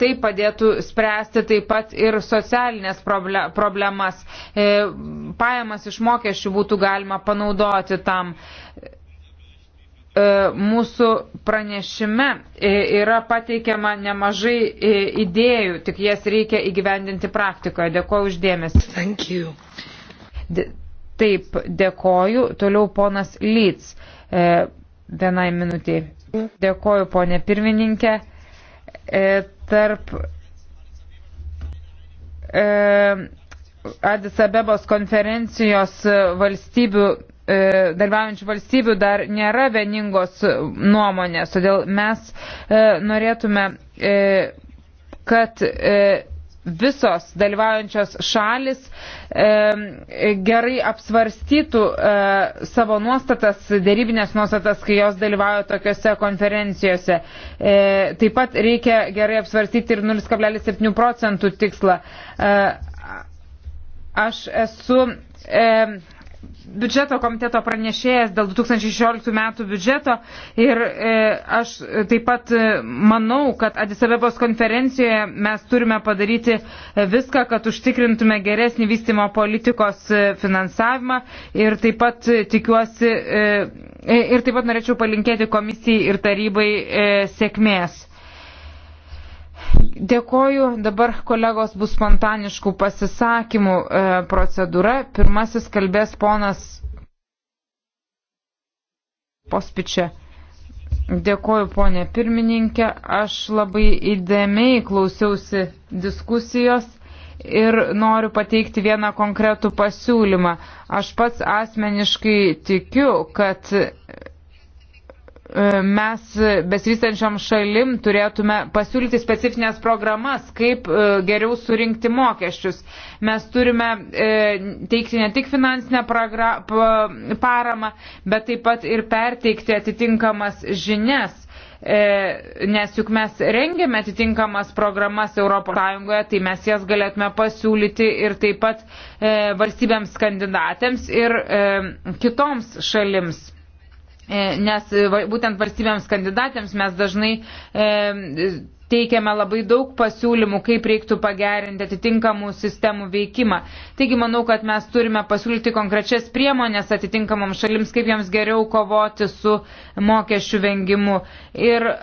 tai padėtų spręsti taip pat ir socialinės problemas. E, pajamas iš mokesčių būtų galima panaudoti tam. E, E, mūsų pranešime e, yra pateikiama nemažai e, idėjų, tik jas reikia įgyvendinti praktikoje. Dėkuoju uždėmesi. Taip, dėkoju. Toliau ponas Lyts. Vienai minutį. Dėkoju, ponė pirmininkė. Tarp Adis Abebos konferencijos valstybių E, dalyvaujančių valstybių dar nėra vieningos nuomonės, todėl mes e, norėtume, e, kad visos dalyvaujančios šalis gerai apsvarstytų savo nuostatas, dėrybinės nuostatas, kai jos dalyvauja tokiuose konferencijose. Taip pat reikia gerai apsvarstyti ir 0,7 procentų tikslą. Aš esu biudžeto komiteto pranešėjas dėl 2016 metų biudžeto ir e, aš taip pat e, manau, kad Adisabebos konferencijoje mes turime padaryti e, viską, kad užtikrintume geresnį vystimo politikos e, finansavimą ir taip pat tikiuosi e, ir taip pat norėčiau palinkėti komisijai ir tarybai e, sėkmės. Dėkoju, dabar kolegos bus spontaniškų pasisakymų e, procedūra. Pirmasis kalbės ponas Pospičia. Dėkoju, ponė pirmininkė. Aš labai įdėmiai klausiausi diskusijos ir noriu pateikti vieną konkretų pasiūlymą. Aš pats asmeniškai tikiu, kad E, mes besivystančiom šalim turėtume pasiūlyti specifines programas, kaip e, geriau surinkti mokesčius. Mes turime e, teikti ne tik finansinę paramą, bet taip pat ir perteikti atitinkamas žinias nes juk mes rengiame atitinkamas programas ES, tai mes jas galėtume pasiūlyti ir taip pat valstybėms kandidatėms ir kitoms šalims. E, nes e, būtent valstybėms kandidatėms mes dažnai e, teikiame labai daug pasiūlymų, kaip reiktų pagerinti atitinkamų sistemų veikimą. Taigi manau, kad mes turime pasiūlyti konkrečias priemonės atitinkamoms šalims, kaip jiems geriau kovoti su mokesčių vengimu. Ir e,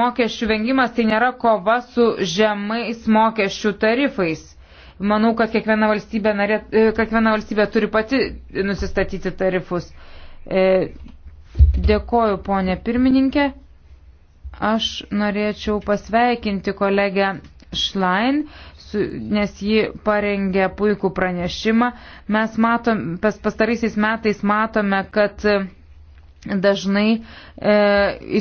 mokesčių vengimas tai nėra kova su žemais mokesčių tarifais. Manau, kad kiekviena valstybė, narė, kiekviena valstybė turi pati nusistatyti tarifus. E, Dėkoju, ponė pirmininkė. Aš norėčiau pasveikinti kolegę Šlain, nes ji parengė puikų pranešimą. Mes matom, pas pastaraisiais metais matome, kad e, dažnai e,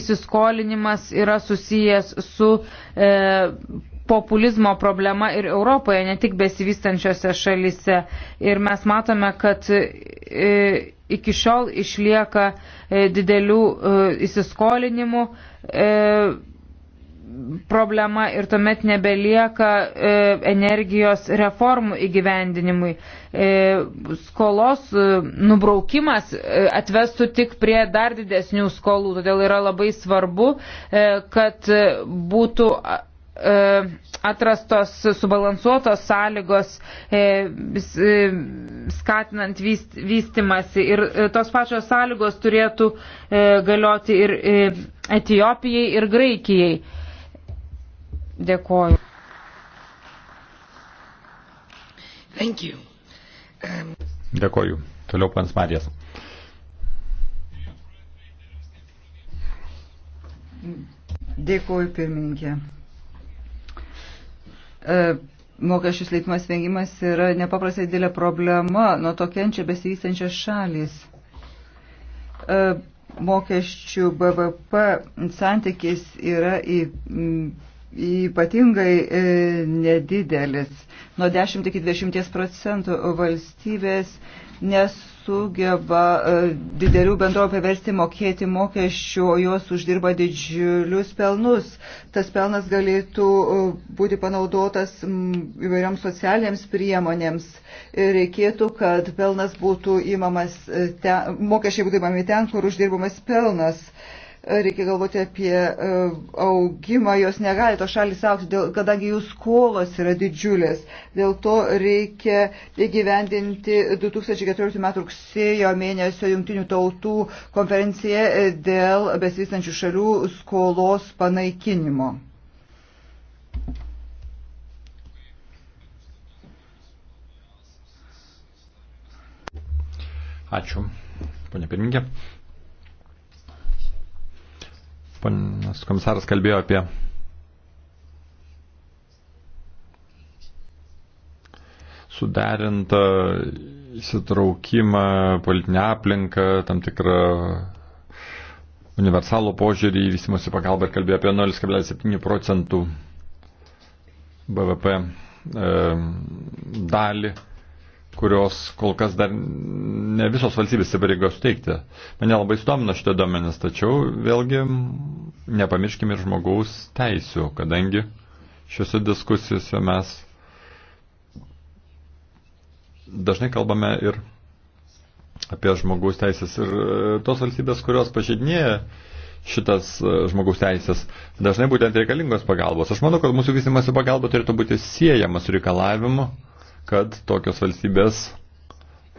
įsiskolinimas yra susijęs su e, populizmo problema ir Europoje, ne tik besivystančiose šalise. Ir mes matome, kad e, iki šiol išlieka e, didelių e, įsiskolinimų e, problema ir tuomet nebelieka energijos reformų įgyvendinimui. Skolos nubraukimas atvestų tik prie dar didesnių skolų, todėl yra labai svarbu, kad būtų E, atrastos subalansuotos sąlygos e, e, skatinant vystimasi ir tos pačios sąlygos turėtų galioti ir Etijopijai ir Graikijai. Dėkuoju. Thank you. Um... Dėkoju. Toliau pans Marijas. Dėkoju pirmininkė. E, mokesčių slėpimas vengimas yra nepaprastai didelė problema, nuo to kenčia besivystančios šalys. E, mokesčių BVP santykis yra į, ypatingai e, nedidelis, nuo 10 iki 20 procentų valstybės nes nesugeba e, didelių bendrovų priversti mokėti mokesčių, o jos uždirba didžiulius pelnus. Tas pelnas galėtų e, būti panaudotas įvairioms socialiniams priemonėms. Reikėtų, kad pelnas būtų įmamas, e, ten, mokesčiai būtų įmami ten, kur uždirbamas pelnas. Uh, reikia galvoti apie e, augimą, jos negali to šalis aukti, kadangi jų skolos yra didžiulės. Dėl to reikia įgyvendinti 2014 m. rugsėjo mėnesio jungtinių tautų konferenciją e, dėl besivystančių šalių skolos panaikinimo. Ačiū, ponia pirmininkė. Panas komisaras kalbėjo apie suderintą įsitraukimą, politinę aplinką, tam tikrą universalų požiūrį į vystimosi pagalbą ir kalbėjo apie 0,7 procentų BVP e, dalį kurios kol kas dar ne visos valstybės įsipareigos teikti. Mane labai sudomino šitie duomenys, tačiau vėlgi nepamirškime ir žmogaus teisų, kadangi šiuose diskusijose mes dažnai kalbame ir apie žmogaus teisės ir e, tos valstybės, kurios pažeidinėja šitas e, žmogaus teisės, dažnai būtent reikalingos pagalbos. Aš manau, kad mūsų vystimasi pagalba turėtų būti siejama su reikalavimu kad tokios valstybės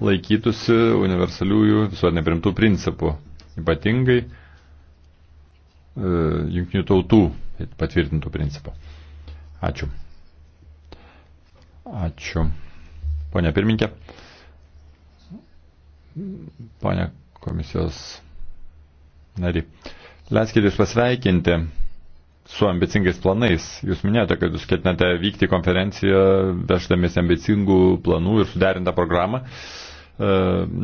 laikytųsi universaliųjų visuotinai primtų principų, ypatingai e, jungtinių tautų patvirtintų principų. Ačiū. Ačiū. Pone pirminkė. Pone komisijos nari. Leiskite Jūs pasveikinti su ambicingais planais. Jūs minėjote, kad jūs ketinate vykti į konferenciją, veždamiesi ambicingų planų ir suderintą programą. E,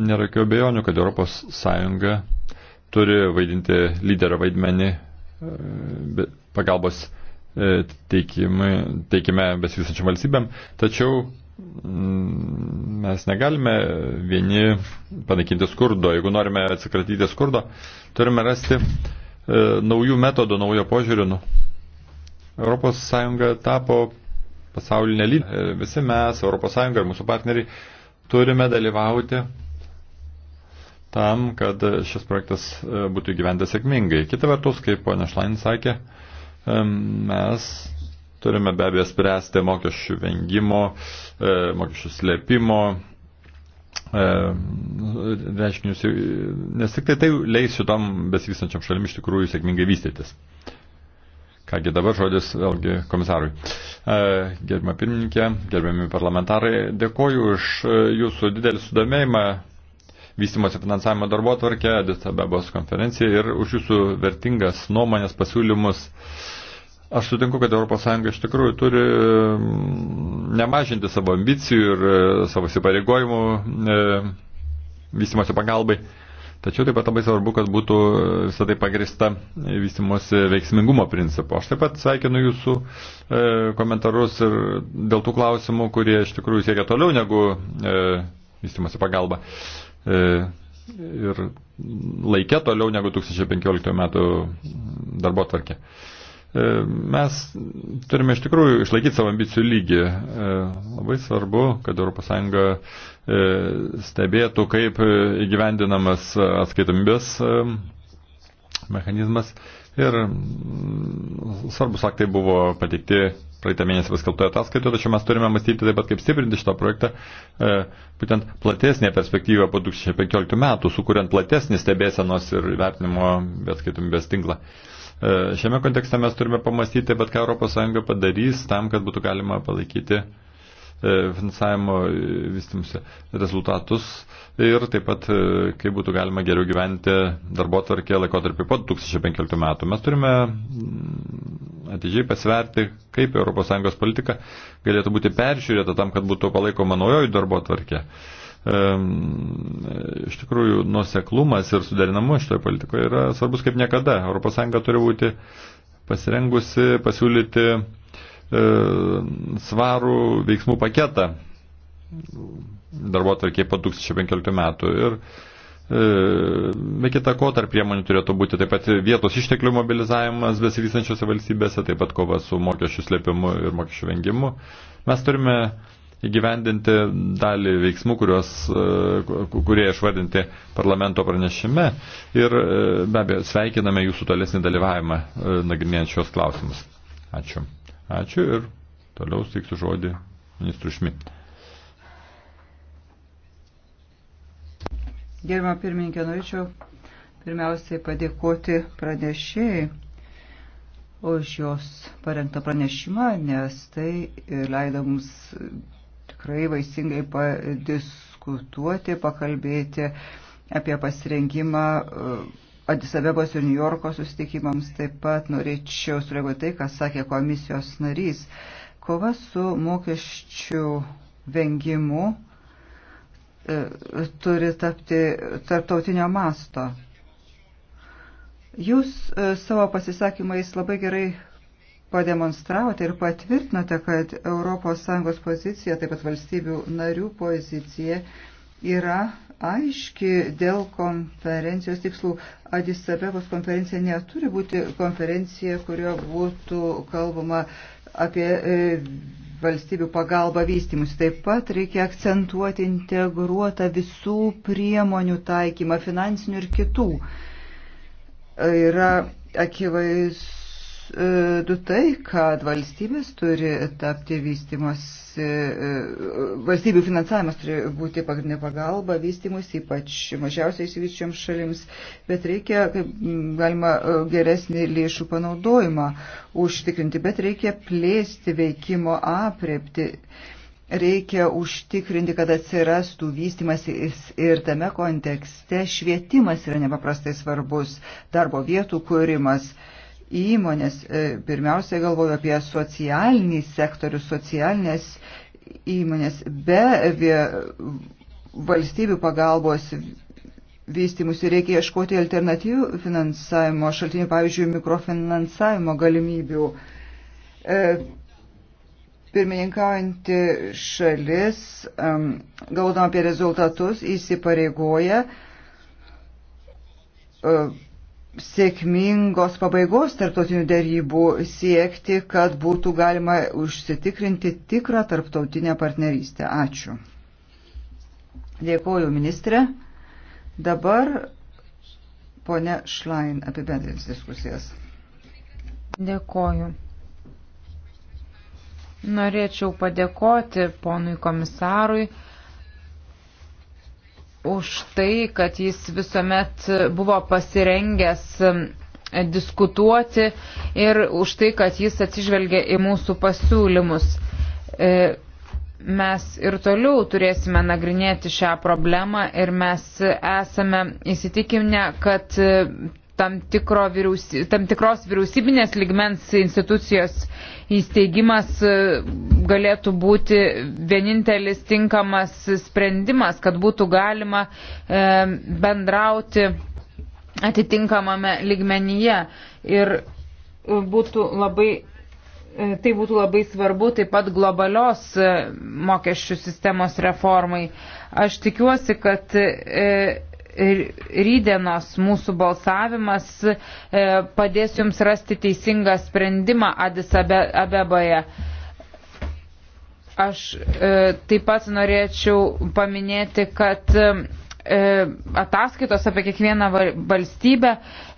nėra jokių abejonių, kad ES turi vaidinti lyderio vaidmenį e, pagalbos e, teikimai, teikime besivysančiam valstybėm, tačiau mm, mes negalime vieni panaikinti skurdo. Jeigu norime atsikratyti skurdo, turime rasti E, naujų metodų, naujo požiūrių. Nu. Europos Sąjunga tapo pasaulinė lyderė. Visi mes, Europos Sąjunga ir mūsų partneriai, turime dalyvauti tam, kad šis projektas e, būtų gyventas sėkmingai. Kita vertus, kaip ponia Šlain sakė, e, mes turime be abejo spręsti mokesčių vengimo, mokesčių slėpimo Ehm, reiškinius, nes tik tai tai leis šitom besivystančiam šalim iš tikrųjų sėkmingai vystytis. Kągi dabar žodis vėlgi komisarui. Ehm, Gerbima pirmininkė, gerbiami parlamentarai, dėkoju už e, jūsų didelį sudomėjimą vystimosi finansavimo darbo tvarkę, Adis Abebos konferenciją ir už jūsų vertingas nuomonės pasiūlymus uh, Aš sutinku, kad ES iš tikrųjų turi nemažinti savo ambicijų ir e, savo įsipareigojimų e, vystimosi pagalbai. Tačiau taip pat labai svarbu, kad būtų e, visą tai pagrista vystimosi veiksmingumo principu. Aš taip pat sveikinu jūsų e, komentarus ir dėl tų klausimų, kurie iš tikrųjų siekia toliau negu e, vystimosi pagalba. E, ir laikė toliau negu 2015 metų darbo tvarkė. E, E, mes turime iš tikrųjų išlaikyti savo ambicijų lygį. E, labai svarbu, kad ES e, stebėtų, kaip įgyvendinamas atskaitomybės mechanizmas. Ir mm, svarbus aktai buvo pateikti praeitą mėnesį paskelbtoje ataskaitoje, tačiau mes turime mąstyti taip pat, kaip stiprinti šitą projektą, e, būtent platesnė perspektyva po 2015 metų, sukuriant platesnį stebėsenos ir vertinimo atskaitomybės tinklą. E, E, šiame kontekste mes turime pamastyti, bet ką ES padarys tam, kad būtų galima palaikyti e, finansavimo e, vystimus rezultatus ir taip pat, kaip būtų galima geriau gyventi darbo tvarkė laikotarpį po 2015 metų. Mes turime mm, atidžiai pasverti, kaip ES politika galėtų būti peržiūrėta tam, kad būtų palaikoma naujoji darbo tvarkė iš tikrųjų nuseklumas ir suderinamumas šitoje politikoje yra svarbus kaip niekada. ES turi būti pasirengusi pasiūlyti e, svarų veiksmų paketą darbo atvarkiai po 2015 metų. Ir e, Be kita ko, tarp priemonių turėtų būti taip pat vietos išteklių mobilizavimas besivystančiose valstybėse, taip pat kova su mokesčių slėpimu ir mokesčių vengimu. Mes turime įgyvendinti dalį veiksmų, kurios, e, kurie išvardinti parlamento pranešime ir e, be abejo sveikiname jūsų tolesnį dalyvavimą e, nagrinėjant šios klausimus. Ačiū. Ačiū ir toliau steiksiu žodį ministrų Šmit. Gerbama pirmininkė, norėčiau pirmiausiai padėkoti pranešėjai už jos parengtą pranešimą, nes tai leido mums tikrai vaisingai padiskutuoti, pakalbėti apie pasirengimą e, Adisabebos ir New Yorko susitikimams. Taip pat norėčiau sureaguoti tai, ką sakė komisijos narys. Kova su mokesčių vengimu e, turi tapti tarptautinio masto. Jūs e, savo pasisakymais labai gerai pademonstravote ir patvirtinote, kad ES pozicija, taip pat valstybių narių pozicija yra aiški dėl konferencijos tikslų. Adis Abebos konferencija neturi būti konferencija, kurio būtų kalbama apie e, valstybių pagalbą vystymus. Taip pat reikia akcentuoti integruotą visų priemonių taikymą, finansinių ir kitų. E, yra akivaiz E, du tai, kad valstybės turi tapti vystimas, e, valstybių finansavimas turi būti pagrindinė pagalba vystimus, ypač mažiausiai įsivyščioms šalims, bet reikia, kaip galima, e, geresnį lėšų panaudojimą užtikrinti, bet reikia plėsti veikimo apriepti. Reikia užtikrinti, kad atsirastų vystimas ir tame kontekste švietimas yra nepaprastai svarbus, darbo vietų kūrimas įmonės. E, Pirmiausia, galvoju apie socialinį sektorių, socialinės įmonės. Be valstybių pagalbos vystimusi reikia ieškoti alternatyvių finansavimo šaltinių, pavyzdžiui, mikrofinansavimo galimybių. E, pirmininkaujanti šalis, galvodama apie rezultatus, įsipareigoja e, sėkmingos pabaigos tarptautinių dėrybų siekti, kad būtų galima užsitikrinti tikrą tarptautinę partnerystę. Ačiū. Dėkoju, ministrė. Dabar ponia Šlain apibendrins diskusijas. Dėkoju. Norėčiau padėkoti ponui komisarui už tai, kad jis visuomet buvo pasirengęs um, diskutuoti ir už tai, kad jis atsižvelgia į mūsų pasiūlymus. E, mes ir toliau turėsime nagrinėti šią problemą ir mes esame įsitikinę, kad tam, tikro vyriausy, tam tikros vyriausybinės ligmens institucijos įsteigimas e, galėtų būti vienintelis tinkamas sprendimas, kad būtų galima e, bendrauti atitinkamame ligmenyje. Ir būtų labai e, tai būtų labai svarbu taip pat globalios e, mokesčių sistemos reformai. Aš tikiuosi, kad rydenos mūsų balsavimas e, padės jums rasti teisingą sprendimą Adis Abeboje. Aš e, taip pat norėčiau paminėti, kad E, ataskaitos apie kiekvieną valstybę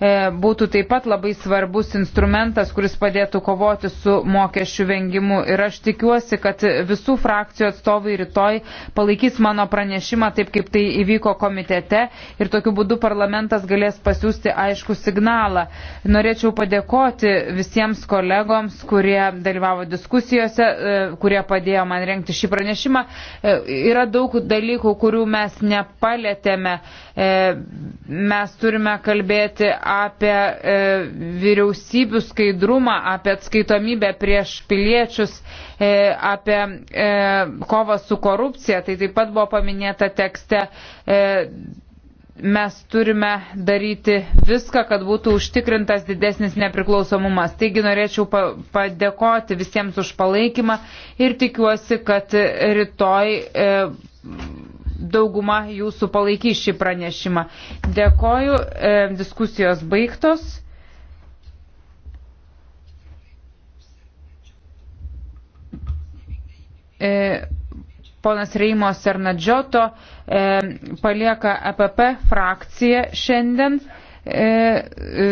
e, būtų taip pat labai svarbus instrumentas, kuris padėtų kovoti su mokesčių vengimu. Ir aš tikiuosi, kad visų frakcijų atstovai rytoj palaikys mano pranešimą taip, kaip tai įvyko komitete ir tokiu būdu parlamentas galės pasiūsti aišku signalą. Norėčiau padėkoti visiems kolegoms, kurie dalyvavo diskusijose, e, kurie padėjo man renkti šį pranešimą. Yra daug dalykų, kurių mes nepalėtėme prietėme. E, mes turime kalbėti apie e, vyriausybių skaidrumą, apie atskaitomybę prieš piliečius, e, apie kovą su korupcija. Tai taip pat buvo paminėta tekste mes turime daryti viską, kad būtų užtikrintas didesnis nepriklausomumas. Taigi norėčiau pa padėkoti visiems už palaikymą ir tikiuosi, kad rytoj e, dauguma jūsų palaikys šį pranešimą. Dėkoju, e, diskusijos baigtos. E, ponas Reimo Sernadžioto e, palieka APP e frakciją šiandien. E, e,